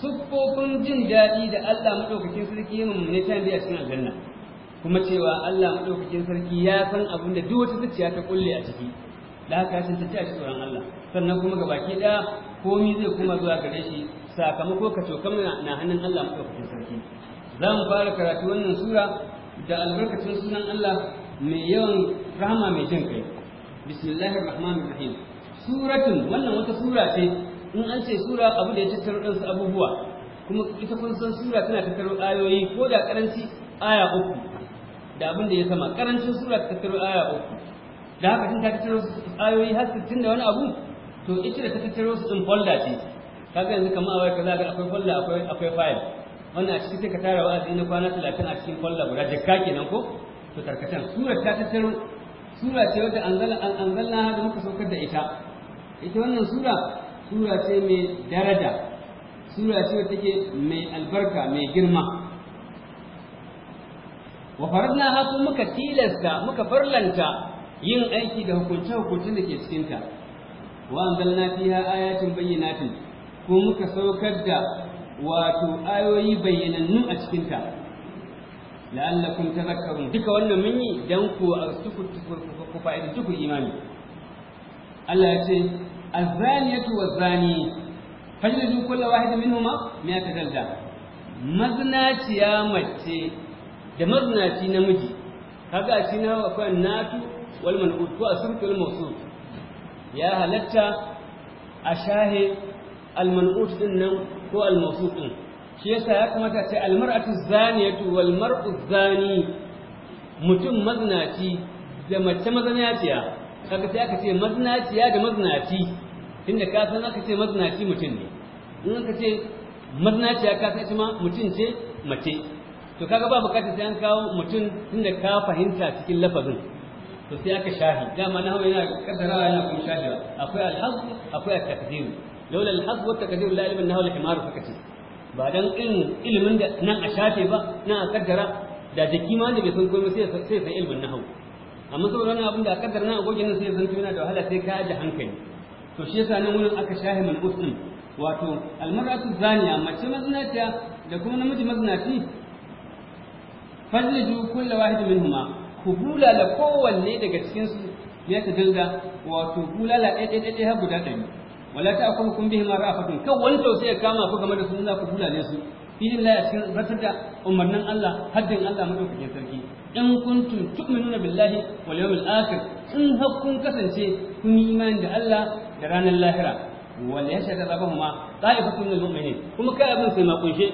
siffofin jin daɗi da Allah maɗaukakin sarki ya ne ta biya cikin aljanna kuma cewa Allah maɗaukakin sarki ya san abin da duk wata zuciya ta kulle a ciki da haka ya ta a tsoron Allah sannan kuma ga baki ɗaya komi zai kuma zuwa gare shi sakamako ka cokan na hannun Allah maɗaukakin sarki za mu fara karatu wannan sura da albarkacin sunan Allah mai yawan rahama mai jin kai bismillahir rahmanir rahim suratun wannan wata sura ce in an ce sura abu da ya tattaro ɗansu abubuwa kuma ita kun san sura tana tattaro ayoyi ko da karanci aya uku da abin da ya sama karancin sura ta tattaro aya uku da haka tun ta tattaro ayoyi har sittin da wani abu to ita da ta tattaro su ɗin folda ce kaga yanzu kamar a wayar ka akwai folda akwai akwai file wannan a cikin sai ka tara wa'azi na kwana talatin a cikin folda guda jakka kenan ko to tarkatan sura ta tattaro sura ce wadda an zalla da muka saukar da ita ita wannan sura sura ce mai daraja sura ce wata ke mai albarka mai girma wa faradna haku muka tilasta muka farlanta yin aiki da hukunce hukuncin da ke cikinta wa anzalna fiha ayatin bayyinatin ko muka saukar da wato ayoyi bayyanannu a cikinta la'allakum tadhakkarun duka wannan mun yi dan ku ku fa'idantu ku imani Allah ya ce الزانية والزاني فاجلدوا كل واحد منهما مئة جلدة mazinaciya mace da mazinaci namiji kaga a na akwai natu wal man'ut wa asrut wal mawsut ya halatta a shahe al man'ut din nan ko al mawsut din shi yasa ya kamata sai al mar'atu zaniyatu wal mar'u zani mutum mazinaci da mace mazinaciya kaga sai aka ce mazinaciya da mazinaci tunda ka san aka ce mazinaci mutum ne in aka ce mazinaciya ka san ma mutum ce mace to kaga ba bukatar sai an kawo mutum tunda ka fahimta cikin lafazin to sai aka shahi dama na hawa yana kaddarawa yana kuma shahi akwai alhaz akwai takdir laula alhaz wa takdir la ilmin nahwa al-himar suka ba dan ilimin da nan a shafe ba nan a kaddara da jiki ma da bai san komai sai sai ilmin nahwa amma saboda wannan abin da aka kaddara na agogin nan sai zanto yana da wahala sai ka ji hankali to shi yasa nan wurin aka shahi min usul wato almar'atu zaniya mace mazinaciya da kuma namiji mazinaci fajiju kullu wahid minhuma ku da kowanne daga cikin su ya ta dalda wato bulala ɗaya ɗaya ɗaya guda ɗari wala ta kuma kun bihi mara afatun kan wani tausayi kama ku game da su za ku ne su fi lillahi a cikin rasar da umarnin Allah haddin Allah madaukakin sarki in kuntum tu'minuna billahi wal yawmil akhir in har kasance kun yi imani da Allah da ranar lahira wal yashhadu rabbahuma ta'ifatun minal mu'minin kuma kai abin sai ma kunshe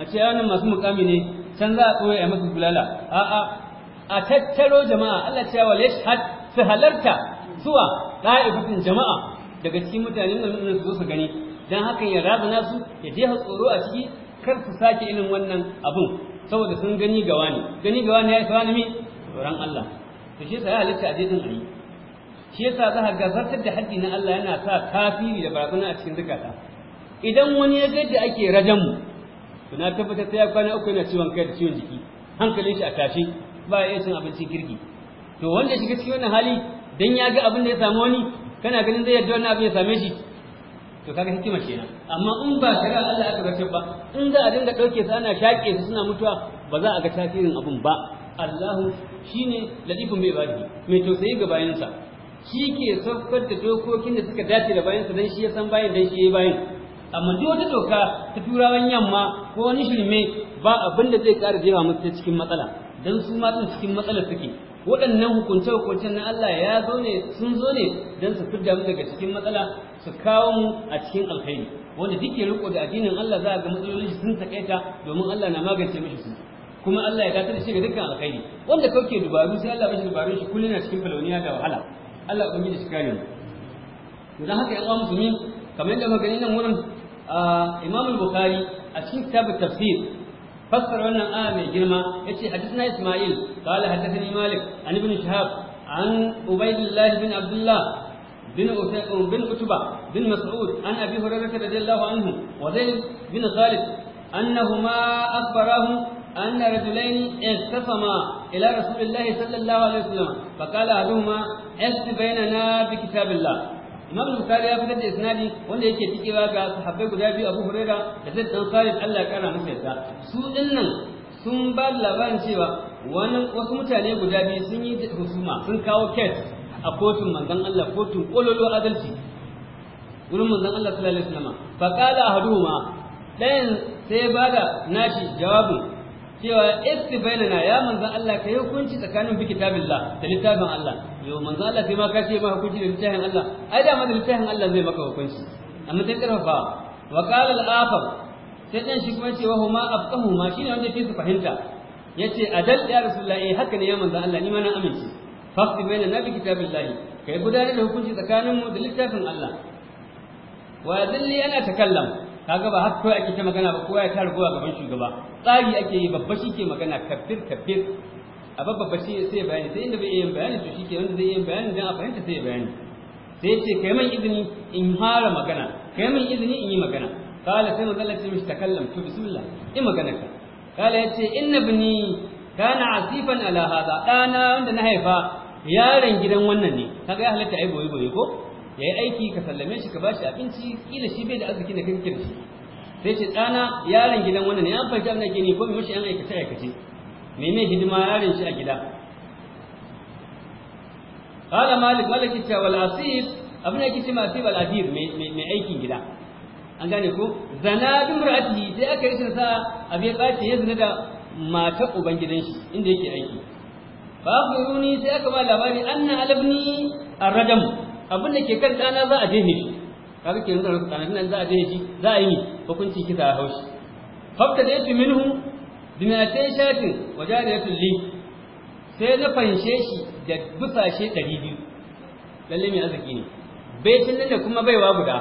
a ce yanin masu mukami ne can za a tsoye a masu bulala a'a a tattaro jama'a Allah cewa wal yashhad su halarta zuwa ta'ifatun jama'a daga cikin mutane nan su zo su gani dan hakan ya razana su ya jefa tsoro a ciki kar su sake irin wannan abin saboda sun gani gawa ne gani gawa ne ya yi wani mi tsoron Allah to shi sai halitta a jejin ayi shi yasa za ka gazartar da haddi na Allah yana sa tasiri da barazana a cikin zukata idan wani ya ga ake ake rajanmu to na tabbatar sai ya kwana uku yana ciwon kai da ciwon jiki hankalin shi a tashi ba ya iya cin abincin kirki to wanda shiga cikin wannan hali dan ya ga abin da ya samu wani kana ganin zai yarda wannan abin ya same shi to kaga hikima kenan amma in ba shari'a Allah aka zartar ba in za a dinga dauke su ana shake su suna mutuwa ba za a ga tasirin abun ba Allahu shine latifun mai baki mai tausayi ga bayansa shi ke saukar da dokokin da suka dace da bayansa dan shi ya san bayan dan shi ya bayan amma duk wata doka ta turawan yamma ko wani shirme ba abin da zai ƙara jefa musu cikin matsala dan su ma cikin matsala suke waɗannan hukunce-hukuncen na Allah ya zo ne sun zo ne don su fidda mu daga cikin matsala su kawo mu a cikin alkhairi wanda duk ya riko da addinin Allah za a ga matsalolin sun sun takaita domin Allah na magance mishi su kuma Allah ya dace da shi ga dukkan alkhairi wanda kauke dubaru sai Allah bashi dubarun shi kullun na cikin falauniya da wahala Allah ubangiji shi kare mu to dan haka ƴan musulmi kamar yadda muka gani nan wurin Imam Bukhari a cikin kitabut tafsir فسر وانا آمي جرما يتي حدثنا إسماعيل قال حدثني مالك عن ابن شهاب عن عبيد الله بن عبد الله بن بن عتبة بن مسعود عن أبي هريرة رضي الله عنه وزيد بن خالد أنهما أخبراه أن رجلين اختصما إلى رسول الله صلى الله عليه وسلم فقال أحدهما اقض بيننا بكتاب الله Imam Bukhari ya fitar da isnadi wanda yake cikewa ga sahabbai guda biyu Abu Huraira da Zaid dan Khalid Allah ya kara masa su dinnan sun ba labarin cewa wani wasu mutane guda biyu sun yi husuma sun kawo kes a kotun manzon Allah kotun kololo adalci wurin manzon Allah sallallahu alaihi wasallam fa qala ahaduhuma dayan sai bada nashi jawabin cewa isti bainana ya manzon Allah kai hukunci tsakanin bi kitabillah da littafin Allah yo manzon Allah sai ma ka ce ma hukunci da littafin Allah ai da ma da littafin Allah zai maka hukunci amma sai karfa wa qala al-akhar sai dan shi kuma ce wa huma afqahu ma shine wanda yake su fahimta yace adal ya rasulullah eh haka ne ya manzon Allah ni ma na amince fasqi baina nabi kitabillahi kai gudanar da hukunci tsakanin mu da littafin Allah wa yadilli ana takallam kaga ba haka kawai ake ta magana ba kowa ya ta rubuwa gaban shugaba tsari ake yi babba shi ke magana kafir kafir a babba shi sai bayani sai inda bai yin bayani to shi wanda zai yin bayani dan a fahimta sai bayani sai ce kai min izini in fara magana kai min izini in yi magana kala sai manzon Allah ya ce mishi takallam to bismillah in magana ka kala yace inna bani kana asifan ala hada dana wanda na haifa yaron gidan wannan ne kaga ya halatta ai boye boye ko yayi aiki ka sallame shi ka bashi abinci kila shi bai da arziki da kankin shi sai ce dana yaron gidan wannan ne an fahimci abin da ke ni ko mai mashi an aikace aikace mene hidima yaron shi a gida kala malik malik ta wal asif abin da yake ce masif al adir mai aikin gida an gane ko zana bi mur'atihi sai aka yi sa abi ya bace ya zina da mata ubangidan shi inda yake aiki fa akhbiruni sai aka ba labari anna alabni arrajam abin da ke kan ɗana za a je ne kaga ke nuna ranka dana za a je shi za a yi hukunci kisa a haushi fafta da yatu minhu dinatai shatin wajariyatun li sai na fahimce shi da busashe 200 lalle mai arziki ne baitin nan da kuma baiwa guda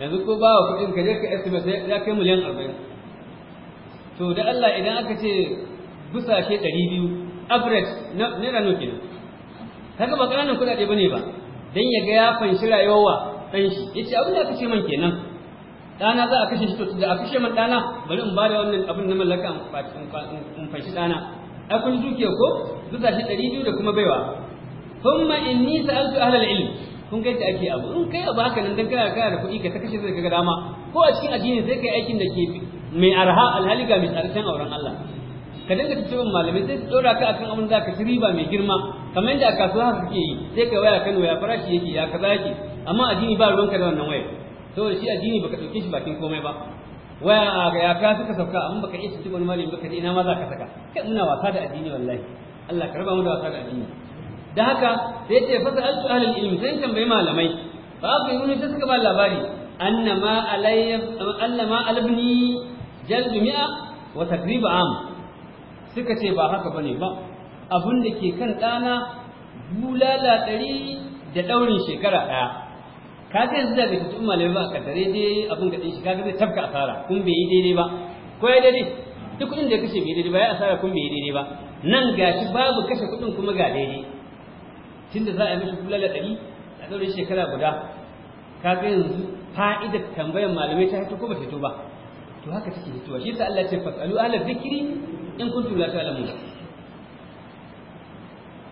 yanzu ko ba wa kudin ka je ka estimate ya kai miliyan 40 to da Allah idan aka ce busashe ɗari biyu. average na naira nawa kenan kaga ba ƙananan kuɗaɗe bane ba dan ya ga ya fanshi rayuwa dan shi yace abin da kace man kenan dana za a kashe shi to da a kashe man dana bari in bada wannan abin na mallaka in fanshi dana ai kun dukiya ko duka shi ɗari biyu da kuma baiwa thumma inni sa'altu ahlal ilm kun ga yadda ake abu in kai abu haka nan dan kana kana da kuɗi ka ta kashe zai ga dama ko a cikin addini sai kai aikin da ke mai arha alhali mai tsarkan auren Allah ka dinga tutubin malamai sai su dora ka akan abin da ka ci riba mai girma kamar yadda a kasuwa haka suke yi sai ka waya Kano ya farashi yake ya kaza yake amma addini ba ruwanka da wannan waya saboda shi addini baka dauke shi bakin komai ba waya a ga ya ka suka sauka amma baka iya tutubin malami baka ji ina ma za ka saka kai muna wasa da addini wallahi Allah ka raba mu da wasa da addini da haka sai ce fasa altu ahlul ilmi sai tambayi malamai fa ku yi sai suka ba labari annama alayya annama albni jalb mi'a wa takrib am suka ce ba haka bane ba abin da ke kan ɗana bulala ɗari da ɗaurin shekara ɗaya ka ga yanzu daga cikin malamai ba ka tare dai abin gaɗin shi kaga zai tafka asara kun bai yi daidai ba ko ya daidai duk inda da ya kashe bai daidai ba ya asara kun bai yi daidai ba nan gashi babu kashe kuɗin kuma ga daidai tun da za a yi mishi bulala ɗari a ɗaurin shekara guda ka ga yanzu fa'idar tambayar malamai ta fito ko ba ta to ba to haka take fitowa shi ta Allah ce fasalu ala zikri in kuntum la ta'lamun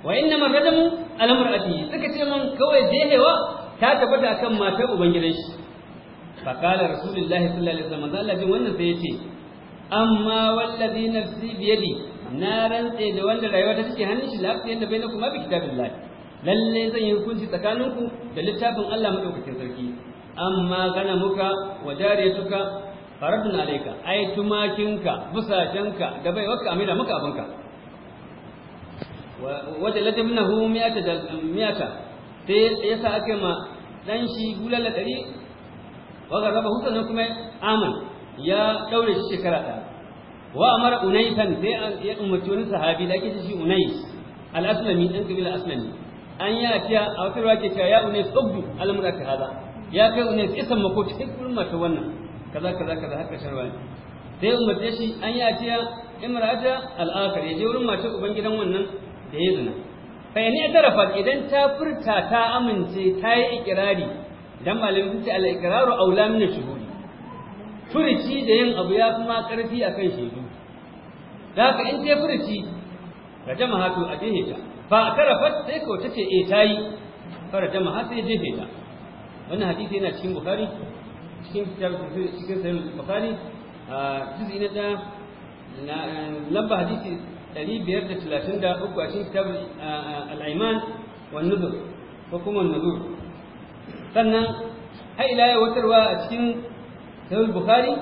wa ma gadamu al ati suka ce mun kawai jehewa ta tabbata kan matar ubangidan shi fa qala rasulullahi sallallahu alaihi wasallam Allah jin wannan sai yace amma wallazi nafsi bi yadi na rantse da wanda rayuwa ta take hannun shi lafiya da bainakum bi kitabillah lalle zan yi hukunci tsakaninku da littafin Allah madaukakin sarki amma gana muka wa jariyatuka faradun alaika ai tumakinka busashenka da bai wakka amina muka abinka wajen hu miyata da miyata sai ya sa ake ma dan shi da ɗari waga raba hutu na kuma amin ya ɗaure shi shekara ɗaya wa amara unaisan sai ya umarci wani sahabi da ake shi unais al-aslami ɗan kabila aslami an yi a fiya a wata ruwa ke cewa ya unais ubdu al-muraka hada ya kai unais isan mako cikin kurma ta wannan kaza kaza kaza haka sharwa sai ya umarce shi an ya tiya imrata al'akar ya je wurin uban ubangidan wannan da ya zina fa ne tarafa idan ta furta ta amince ta yi ikirari dan malamin sun ce al-iqraru aula min shuhudi furici da yin abu ya kuma karfi akan shaidu da ka in ta furici ga jama'a to a jehe ta ba a karafat sai ko ta ce e ta yi fara jama'a sai jefe ta wannan hadisi yana cikin bukhari cikin cikin sahih bukhari juz'i na da lamba hadisi uku a cikin kitab al-aiman wan nuzur ko kuma nuzur sannan har ila yau watarwa a cikin sahih bukhari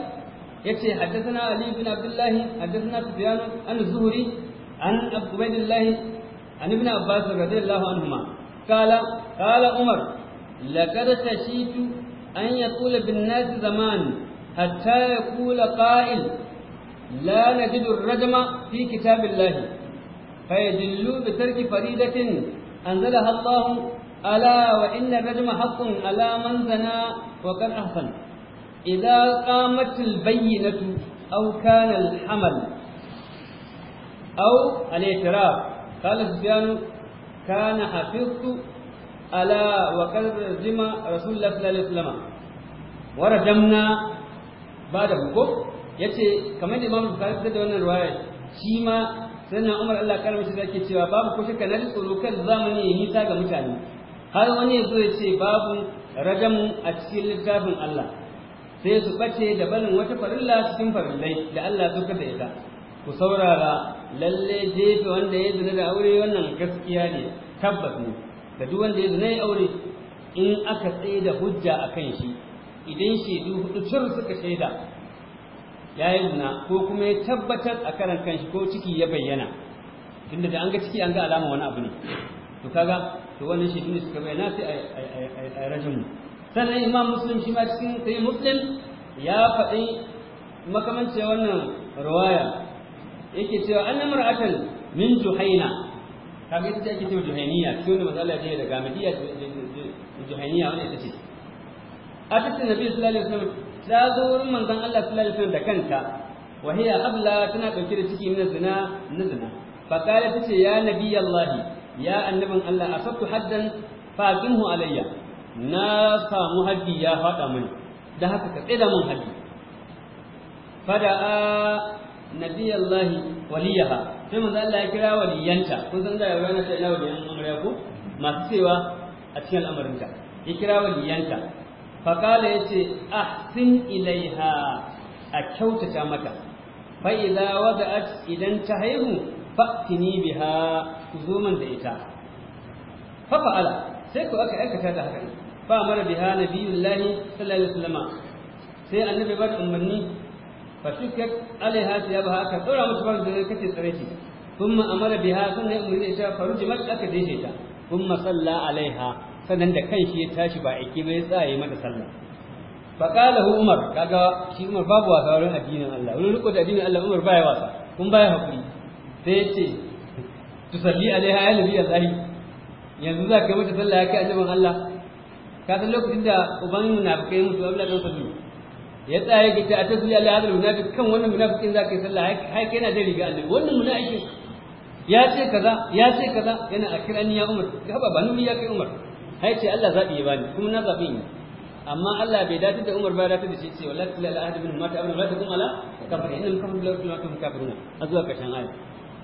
yace haddathana ali bin abdullahi haddathana sufyan an zuhri an abdullahi an ibn abbas radiyallahu anhuma qala qala umar laqad khashitu an yaqula bin nas zaman hatta kula qa'il la najidu ar-rajma fi kitabillahi fayadillu bi tarki faridatin anzalaha Allah ala wa inna ar-rajma haqqun ala man zana wa kan ahsan idza qamat al-bayyinatu aw kana al-hamal aw al-i'tiraf qala sufyan kana hafiztu ألا وقد رزم رسول الله صلى الله عليه وسلم ورجمنا بعده ko yace kamar da Imam da wannan riwaya shi ma sannan Umar Allah kare ta zake cewa babu ko shakka na tsoro kan zamani ya nisa ga mutane har wani yazo ya ce babu rajamu a cikin littafin Allah sai su bace da barin wata farilla cikin farillai da Allah ya da ita ku saurara lalle jefe wanda ya zina da aure wannan gaskiya ne tabbas ne da duk wanda ya yi aure in aka tsaye da hujja a kan shi idan shaidu hudu cur suka shaida ya yi zina ko kuma ya tabbatar a karan kanshi ko ciki ya bayyana tunda da an ga ciki an ga alama wani abu ne to kaga to wannan shaidu ne suka bayyana sai a rajin sannan imam muslim shi ma cikin sai muslim ya faɗi makamancin wannan rawaya yake cewa an atal min juhaina kaga ita ake cewa juhaniya cikin wanda matsala ce daga gamidiya juhaniya wanda ita ce a cikin nabi sallallahu alaihi wasallam ta zo wurin manzon Allah sallallahu alaihi wasallam da kanta wa hiya habla tana dauke da ciki na zina na zina fa kala tace ya nabi Allah ya annabin Allah asabtu haddan fa qimhu alayya na samu haddi ya fada mini da haka ka tsida mun haddi fada'a nabiyallahi waliyaha sai manzo Allah ya kira waliyanta kun san da yana ta ina waliyan amarya ko masu cewa a cikin al'amarinta ya kira waliyanta faqala yace ahsin ilaiha a kyautata mata fa idza wada'at idan ta haihu fa'tini biha ku zo man da ita fa fa'ala sai ku aka aikata da haka fa mara biha nabiyullahi sallallahu alaihi wasallam sai annabi bar umarni fashikkat alaiha ba haka, dora musu bar da kace tsare ki thumma amara biha sannan umri da ita faruji mat aka dace ta thumma salla alaiha sanan da kanshi ya tashi ba aiki mai tsaye mata sallah fa qala umar kaga shi umar babu wasa wurin addinin Allah wurin riko da addinin Allah umar baya wasa kun baya hakuri sai ya tu salli alaiha ya nabi Allah yanzu za ka mata sallah ya kai annabin Allah ka san lokacin da uban munafikai musu Allah bin Sallu ya tsaya ga ta atasli ala hadal munafiq kan wannan munafikin za ka yi sallah hai kai na da riga Allah wannan munafiqin ya ce kaza ya ce kaza yana akirani ya umar ka ba nuni ya kai umar hai ce Allah zabi ya bani kuma na zabi ni amma Allah bai dace da umar ba dace da shi ce wallahi la ahad bin mata amana la takum ala kafir innam kam la takum kafiruna azwa kashan aya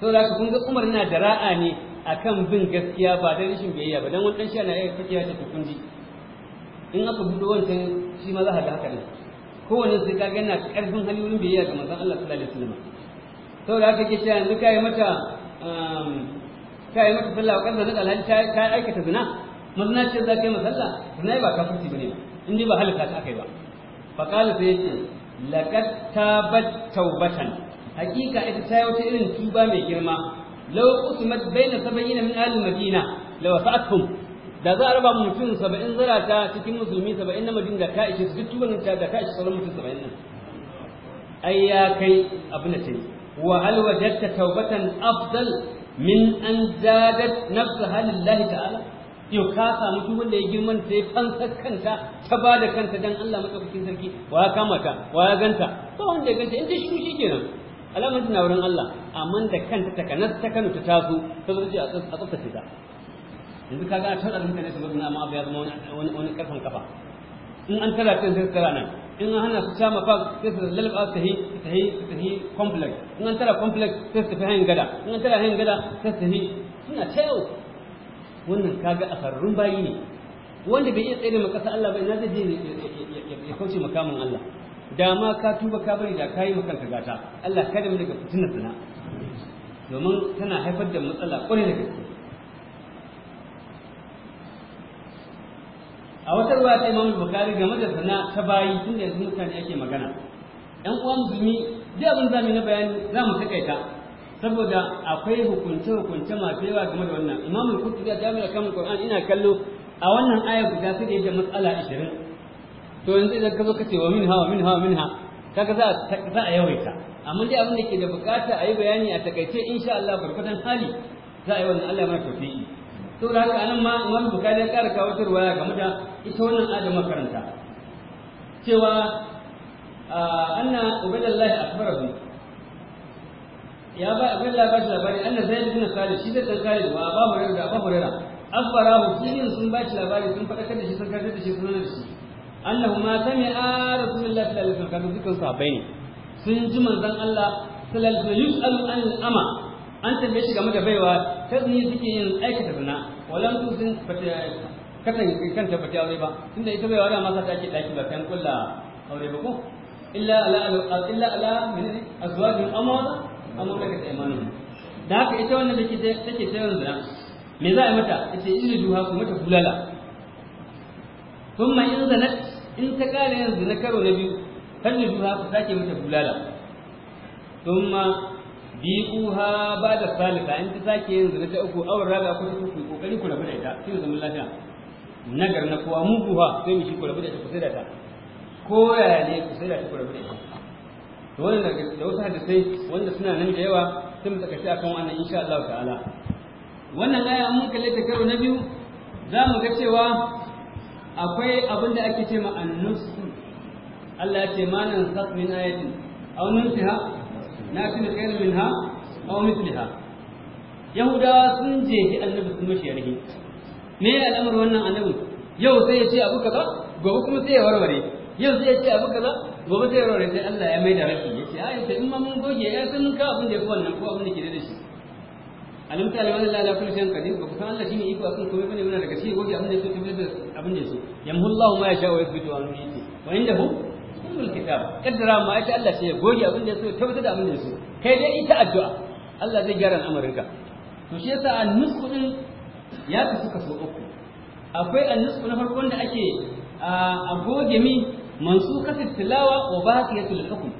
to da ku ga umar na da ra'a ne akan bin gaskiya ba da rishin biyayya ba dan wannan shi yana yayin fitiya ta kunji in aka budo wancan shi ma za ka haka ne kowane sai ka gana karfin hanyoyin biyayya ga manzon Allah sallallahu alaihi wasallam saboda da ke cewa yanzu kai mata um, kai mata sallah da kanzan alhali ta aikata zina mazna ce za ka yi masalla zina ba furti bane ba in dai ba halitta ta kai ba fa qala sai yace laqad tabat tawbatan hakika ita ta yi irin tuba mai girma law usmat baina sabayina min ahli madina law sa'atuhum da za a raba mutum saba'in zarata cikin musulmi saba'in na madina da ka ishe su duk ta da ka ishe sauran mutum saba'in nan ai ya kai abin ta yi wa hal wajadta tawbatan afdal min an zadat nafsa halillahi ta'ala yau ka samu duk wanda ya girman ta ya fansa kanta ta ba da kanta dan Allah madaukakin sarki wa ya kama ta wa ya ganta ba wanda ya ganta in ta shi kenan. alamar na wurin Allah amma da kanta ta kanas ta kanu ta taso ta zo a tsaftace ta yanzu kaga a tara mutane su zauna amma ya zama wani wani karfin kafa in an tara ce sai tara nan in an hana su chama fa sai su lalba su tahi tahi tahi complex in an tara complex sai su fahin gada in an tara hin gada sai su tafi suna tayo wannan kaga asarrun bayi ne wanda bai iya tsaye da makasa Allah bai na zai je ya kauce makamin Allah da ma ka tuba ka bari da kayi makanka gata Allah kada mu daga fitinar sana domin tana haifar da matsala kwarai da gaske a wata ruwa ta imamu bukari game da sana ta bayi tun da yanzu mutane ake magana yan uwan zumi duk abin za mu na bayani za mu takaita saboda akwai hukunce hukunce masu yawa game da wannan imamu kutubi a jami'a kamun qur'an ina kallo a wannan ayar guda sai da yadda matsala ashirin to yanzu idan ka zo ka ce wa min hawa min hawa min ha kaga za za a yawaita amma dai abin da ke da bukata a yi bayani a takaice insha Allah barkatan hali za a yi wannan Allah ya mana to da haka anan ma Imam Bukhari ya ƙara kawo ta ga game da ita wannan adam makaranta cewa ah, anna ubaidallahi akbarahu ya ba ubaidallah ba shi labari anna zaid ibn khalid shi da khalid wa abu hurairah da abu hurairah akhbarahu kiyin sun ba shi labari sun fadakar da shi sun karanta da shi sun da shi annahu ma sami'a rasulullahi sallallahu alaihi wasallam dukkan sahabbai ne sun ji manzon Allah sallallahu alaihi wasallam yus'alu an al an tambaye shi game da baiwa ta suke yin aikata zina walan su sun katan kanta ba ta aure ba tunda ita baiwa da ta take daki ba kan kulla aure ba ko illa ala illa ala min azwajin amara amara ka imanu da haka ita wannan da take take tayin zina me za a yi mata ita in duha ku mata bulala kuma in zanat in ta kare yanzu na karo na biyu kan duha ku sake mata bulala kuma bi'uha ba da salisa in ta sake yin zina ta uku awar raga ko ku ku kokari ku rabu da ita sai zaman lafiya nagar na kowa muguha sai mu shi ku rabu da ita ku sai da ta ko yaya ne ku sai da ta ku rabu da ita to wannan da wasu hadisai wanda suna nan da yawa sun tsakaci akan wannan insha Allah ta'ala wannan aya mun kalle ta karo na biyu za mu ga cewa akwai abin da ake ce ma annusu Allah ya ce ma nan sas min ayatin aw nunsiha nasu da khairu minha aw mithliha yahudawa sun jeji annabi sun mashi yarhi me ya al'amar wannan annabi yau sai ya ce abu kaza gobe kuma sai ya warware yau sai ya ce abu kaza gobe sai ya warware sai Allah ya mai da rafi ya a yace in ma mun goge ya san mun ka abin da ya fi wannan ko abin da ke da shi alim ta alim Allah la kullu shay'in qadir ba kusan Allah shine iko akan komai bane muna daga shi goge abin da yake tabbata abin da yake yamhullahu ma yasha wa yuthbitu wa ilmul kitab kaddara ma ita Allah sai ya goge abin da ya so ya tabbatar da abin da ya so kai dai ita addu'a Allah zai gyara al'amarin ka to shi yasa an-nusku din ya kasu kaso uku akwai an-nusku na farkon da ake a goge mi mansukatu tilawa wa baqiyatul hukm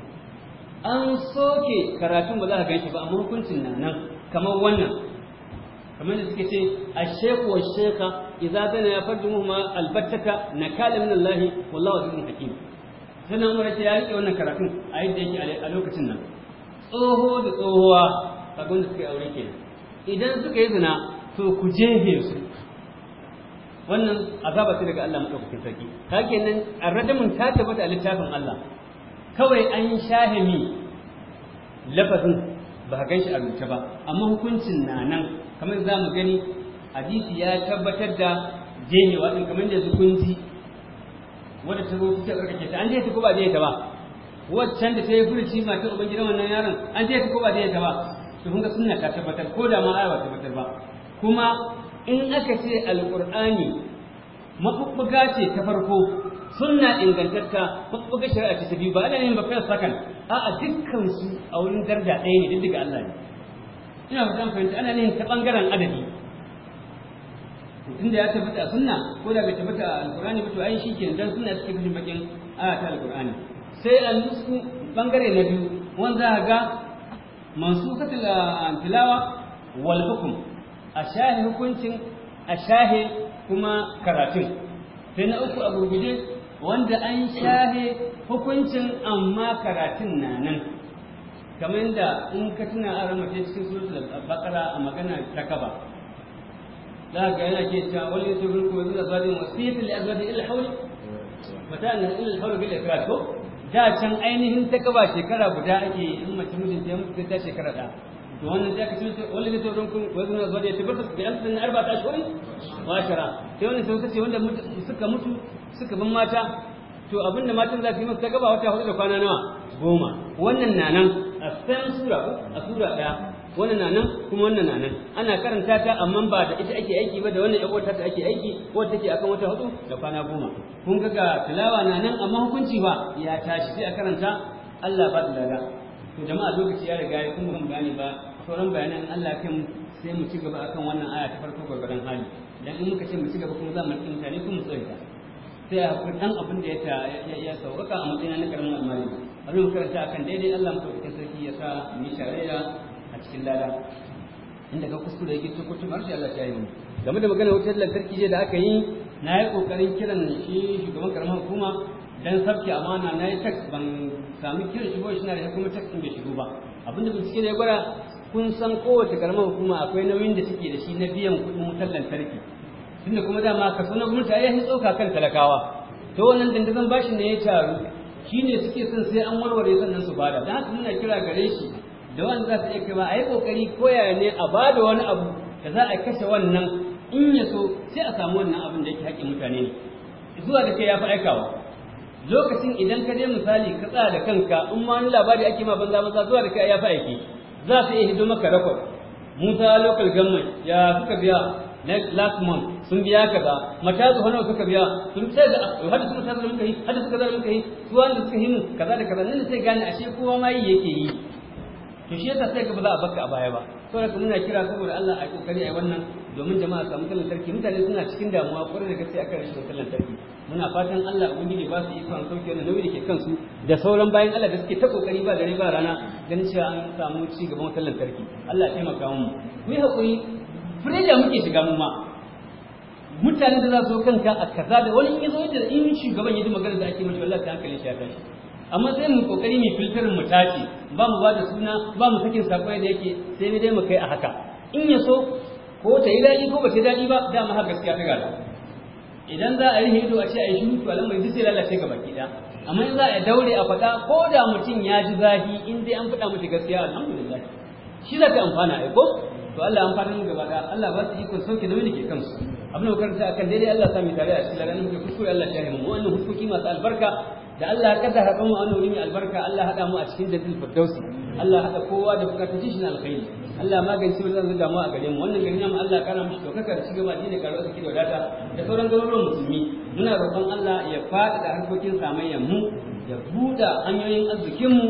an soke karatun ba za ka ganshi ba amma hukuncin na nan kamar wannan kamar da suke ce a wa sheka idza zana ya fardu muhma albattaka nakala min Allah wallahu azizun hakim sai nan wani ya rike wannan karatun a yadda yake a lokacin nan tsoho da tsohuwa kagun da suka yi aure kenan idan suka yi zina to ku jefe su wannan azaba ce daga Allah madaukakin sarki Ta ke nan arradamin ta tabbata a littafin Allah kawai an shahimi lafazin ba ka ganshi a rubuce ba amma hukuncin na nan kamar za mu gani hadisi ya tabbatar da jenewa din kamar da zukunci wadda ta zoci ta tsarkake ta an je ta ko ba zai ta ba waccan da ta yi furuci mata gidan wannan yaron an je ta ko ba zai ta ba to kun ga sunna ta tabbatar ko da ma aya ba tabbatar ba kuma in aka ce Alƙur'ani, mabubbuga ce ta farko sunna ingantatta mabubbuga shari'a ce ta biyu ba ana yin ba kai sakan a'a dukkan su a wurin darda ɗaya ne duk daga Allah ne ina ba fahimta ana yin ta bangaren adadi tunda ya tabbata sunna ko da bai tabbata alqur'ani ba to ai shikenan dan sunna suke cikin bakin aya alqur'ani sai al-nusu bangare na biyu wanda za ga mansukatul ah, tilawa wal hukm a hukuncin a kuma karatun sai na uku a gurguje wanda an shahe hukuncin amma karatun na nan kamar da in ka tuna a ramace cikin suratul baqara a magana ta kaba da ga yana ke wani yake zuwa da mata an illa haul da can ainihin ta kaba shekara guda ake in mace mijin ta mutu ta shekara to wannan wani yake arba ta wa shara sai ce wanda suka mutu suka bin mata to matan za su yi musu ta gaba wata hudu da kwana goma wannan na nan a sura wannan na nan kuma wannan na nan ana karanta ta amma ba da ita ake aiki ba da wannan yan uwarta ta ake aiki ko take akan wata hudu da kwana goma kun ga ga tilawa na nan amma hukunci ba ya tashi sai a karanta Allah ba da daga. to jama'a lokaci ya riga ya kuma gane ba sauran bayanan Allah mu sai mu ci gaba akan wannan aya ta farko gwargwaron hali dan in muka ce mu ci gaba kuma za mu rinka ne kuma tsaya sai akwai dan abin da ya ya sauka a matsayin na karamin almari abin karanta akan daidai Allah mu sarki ya sa mu yi cikin lada inda ka kuskure yake to har sai Allah ya yi mu game da magana wutar lantarki da aka yi na yi kokarin kiran shi shugaban karamar hukuma dan sabki amana na yi tax ban sami kiran shi ba shi na da kuma tax bai shigo ba abinda bincike ne gwara kun san kowace karamar hukuma akwai nauyin da suke da shi na biyan kuɗin wutar lantarki tunda kuma dama ka na gwamnati ai ya tsoka kan talakawa to wannan dandazon bashi ne ya taru shine suke son sai an warware sannan su bada dan haka muna kira gare shi da wanda za su iya kai ma a yi kokari koya ne a ba da wani abu da za a kashe wannan in ya so sai a samu wannan abin da yake haƙƙin mutane ne zuwa da kai ya fi aikawa lokacin idan ka je misali ka tsaya da kanka in ma wani labari ake ma banza banza zuwa da kai ya fi aiki za su iya hidima maka rakwar musa local government ya suka biya last month sun biya ka ba mata zuwa nawa suka biya sun sai da hada suka sai da muka yi hada suka sai da muka yi su wanda suka yi mu kaza da kaza nan sai gane ashe kowa ma yi yake yi to shi yasa sai ka ba za a baka a baya ba saboda muna kira saboda Allah a kokari a wannan domin jama'a samu wutar lantarki mutane suna cikin damuwa kwarai da gaske akan rashin wutar lantarki muna fatan Allah ubangiji ba su ikon sauke wannan nauyi da ke kansu da sauran bayan Allah da suke ta kokari ba dare ba rana ganin cewa an samu ci gaban wutar lantarki Allah ya taimaka mu mu hakuri freedom muke shiga mu ma mutane da za su kanka a kaza da wani in zo da in shugaban ya ji magana da ake mashi wallahi ta hankali shi ya tashi amma sai mu kokari mu filtar mu tace ba mu bada suna ba mu sakin sakwai da yake sai ne dai mu kai a haka in ya so ko ta yi daɗi ko ba ta yi daɗi ba dama har gaskiya ta gada idan za a yi hidu a ce a yi shi to alamma duk sai lalace ga baki ɗaya amma in za a daure a faɗa ko da mutum ya ji zafi in dai an faɗa mutu gaskiya alhamdulillah shi za ta amfana a ko to Allah fara yin gaba da Allah ba su ikon sauke da wani ke kansu abin da karanta akan daidai Allah sami tare a cikin laganin muke kuskure Allah ya mu wannan hukuki masu albarka da Allah ya kaddara haɗa mu a wuri mai albarka Allah haɗa mu a cikin jannatul firdausi Allah haɗa kowa da buƙatar shi na alkhairi Allah magance wannan zuga mu a gare mu wannan garin namu Allah kana mishi daukaka da cigaba da karo aka ki wadata da sauran garuruwan musulmi muna roƙon Allah ya faɗaɗa harkokin samayyan mu ya buɗa hanyoyin arzikin mu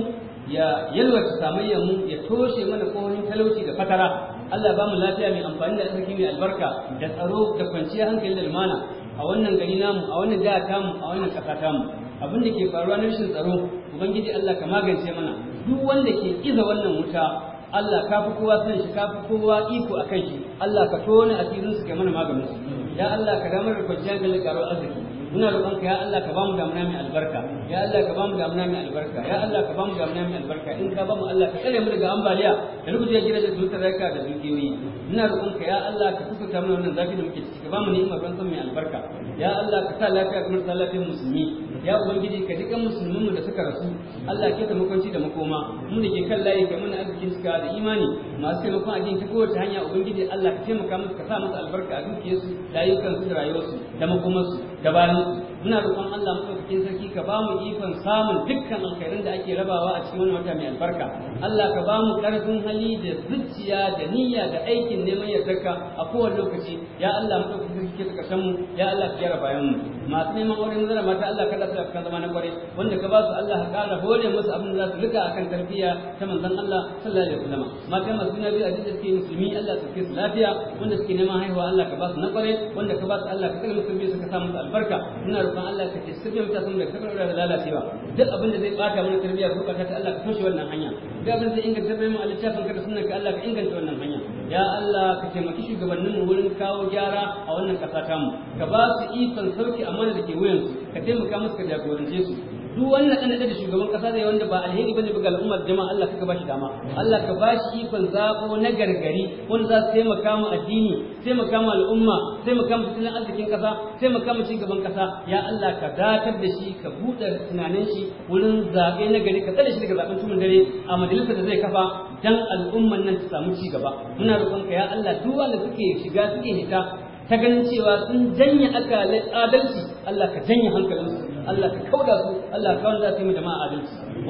ya yalwata samayyan mu ya toshe mana kohonin talauci da fatara Allah ba mu lafiya mai amfani da sarki mai albarka da tsaro da kwanciyar hankali da lumana a wannan gari namu a wannan jiha tamu a wannan ƙasa tamu abin da ke faruwa na rashin tsaro ubangiji Allah ka magance mana duk wanda ke iza wannan wuta Allah ka fi kowa san shi ka fi kowa iko a kan shi Allah ka tona asirin su kai mana maganin su ya Allah ka damar da kwanciyar da karo arziki muna roƙonka ya Allah ka bamu damuna mai albarka ya Allah ka bamu damuna mai albarka ya Allah ka bamu damuna mai albarka in ka bamu Allah ka tsare mu daga ambaliya da rubuta ya gida da dukkan raka da dukiyoyi muna roƙonka ya Allah ka kuka mana wannan zafi da muke ciki ka bamu ni'imar san mai albarka ya Allah ka sa lafiya kamar sa lafiyar musulmi ya ubangiji ka duka musulmin mu da suka rasu Allah ke ta makonci da makoma mu da ke kan layi kai mana arzikin cika da imani masu taimakon ajin ta kowace hanya ubangiji Allah ka taimaka musu ka sa musu albarka a dukiyarsu da ayyukansu da rayuwarsu da makomarsu dabarun muna roƙon Allah madaukakin sarki ka ba mu ikon samun dukkan alkhairin da ake rabawa a cikin wani wata mai albarka Allah ka ba mu ƙarfin hali da zuciya da niyya da aikin neman yardarka a kowane lokaci ya Allah madaukakin sarki ka san mu ya Allah ka yara bayan mu masu neman aure maza da mata Allah kada su kan zama na kware wanda ka ba su Allah ka kara hore musu abin da za su rika akan tarbiyya ta manzon Allah sallallahu alaihi wasallam mata masu nabi a cikin suke musulmi Allah ka kai su lafiya wanda suke neman haihuwa Allah ka ba su na kware wanda ka ba su Allah ka kai musu biyu suka sa musu albarka muna roƙon Allah ka ce sirrin mutane sun da kabar da lalacewa duk abin da zai bata mana tarbiyya ko ka ta Allah ka toshe wannan hanya duk abin da zai inganta mu a littafin ka da sunnan ka Allah ka inganta wannan hanya ya Allah ka taimaki shugabannin mu wurin kawo gyara a wannan ƙasa tamu ka ba su ikon sauki a da ke wuyansu ka taimaka musu ka jagorance su duk wannan dan da shugaban kasa zai wanda ba alheri bane ga al'ummar jama'a Allah ka bashi dama Allah ka bashi ikon zabo na gargari wanda za su taimaka mu addini taimaka mu al'umma taimaka mu tattalin arzikin kasa taimaka mu cigaban kasa ya Allah ka datar da shi ka buɗe tunanin shi wurin zabe na gari ka tsare shi daga zaben tumin dare a majalisar da zai kafa dan al'ummar nan ta samu cigaba muna ka ya Allah duk wanda suke shiga suke hita ta ganin cewa sun janye akalin adalci Allah ka janye hankalinsu Allah ka kauda su Allah ka kauda su jama'a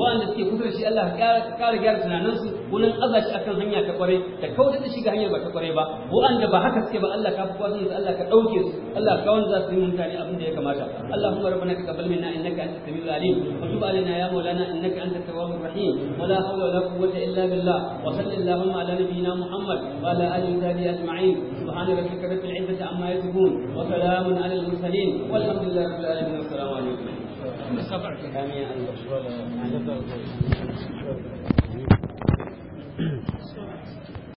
wanda suke kusa shi Allah ka kara gyara tunanin su wurin azaci akan hanya ta kwarai da kauda da shi ga hanyar ba ta kware ba wanda ba haka suke ba Allah ka fuwa su Allah ka dauke su Allah ka wanda su yi mutane abin da ya kamata Allahumma rabbana taqabbal minna innaka antas samiul alim wa tub alaina ya maulana innaka antat tawwabur rahim wa la hawla wa la quwwata illa billah wa sallallahu ala nabiyyina muhammad wa ala alihi wa sahbihi ajma'in subhana rabbika rabbil izzati amma yasifun wa salamun ala والحمد لله رب العالمين والسلام عليكم خبر کہ ہمیں ان کو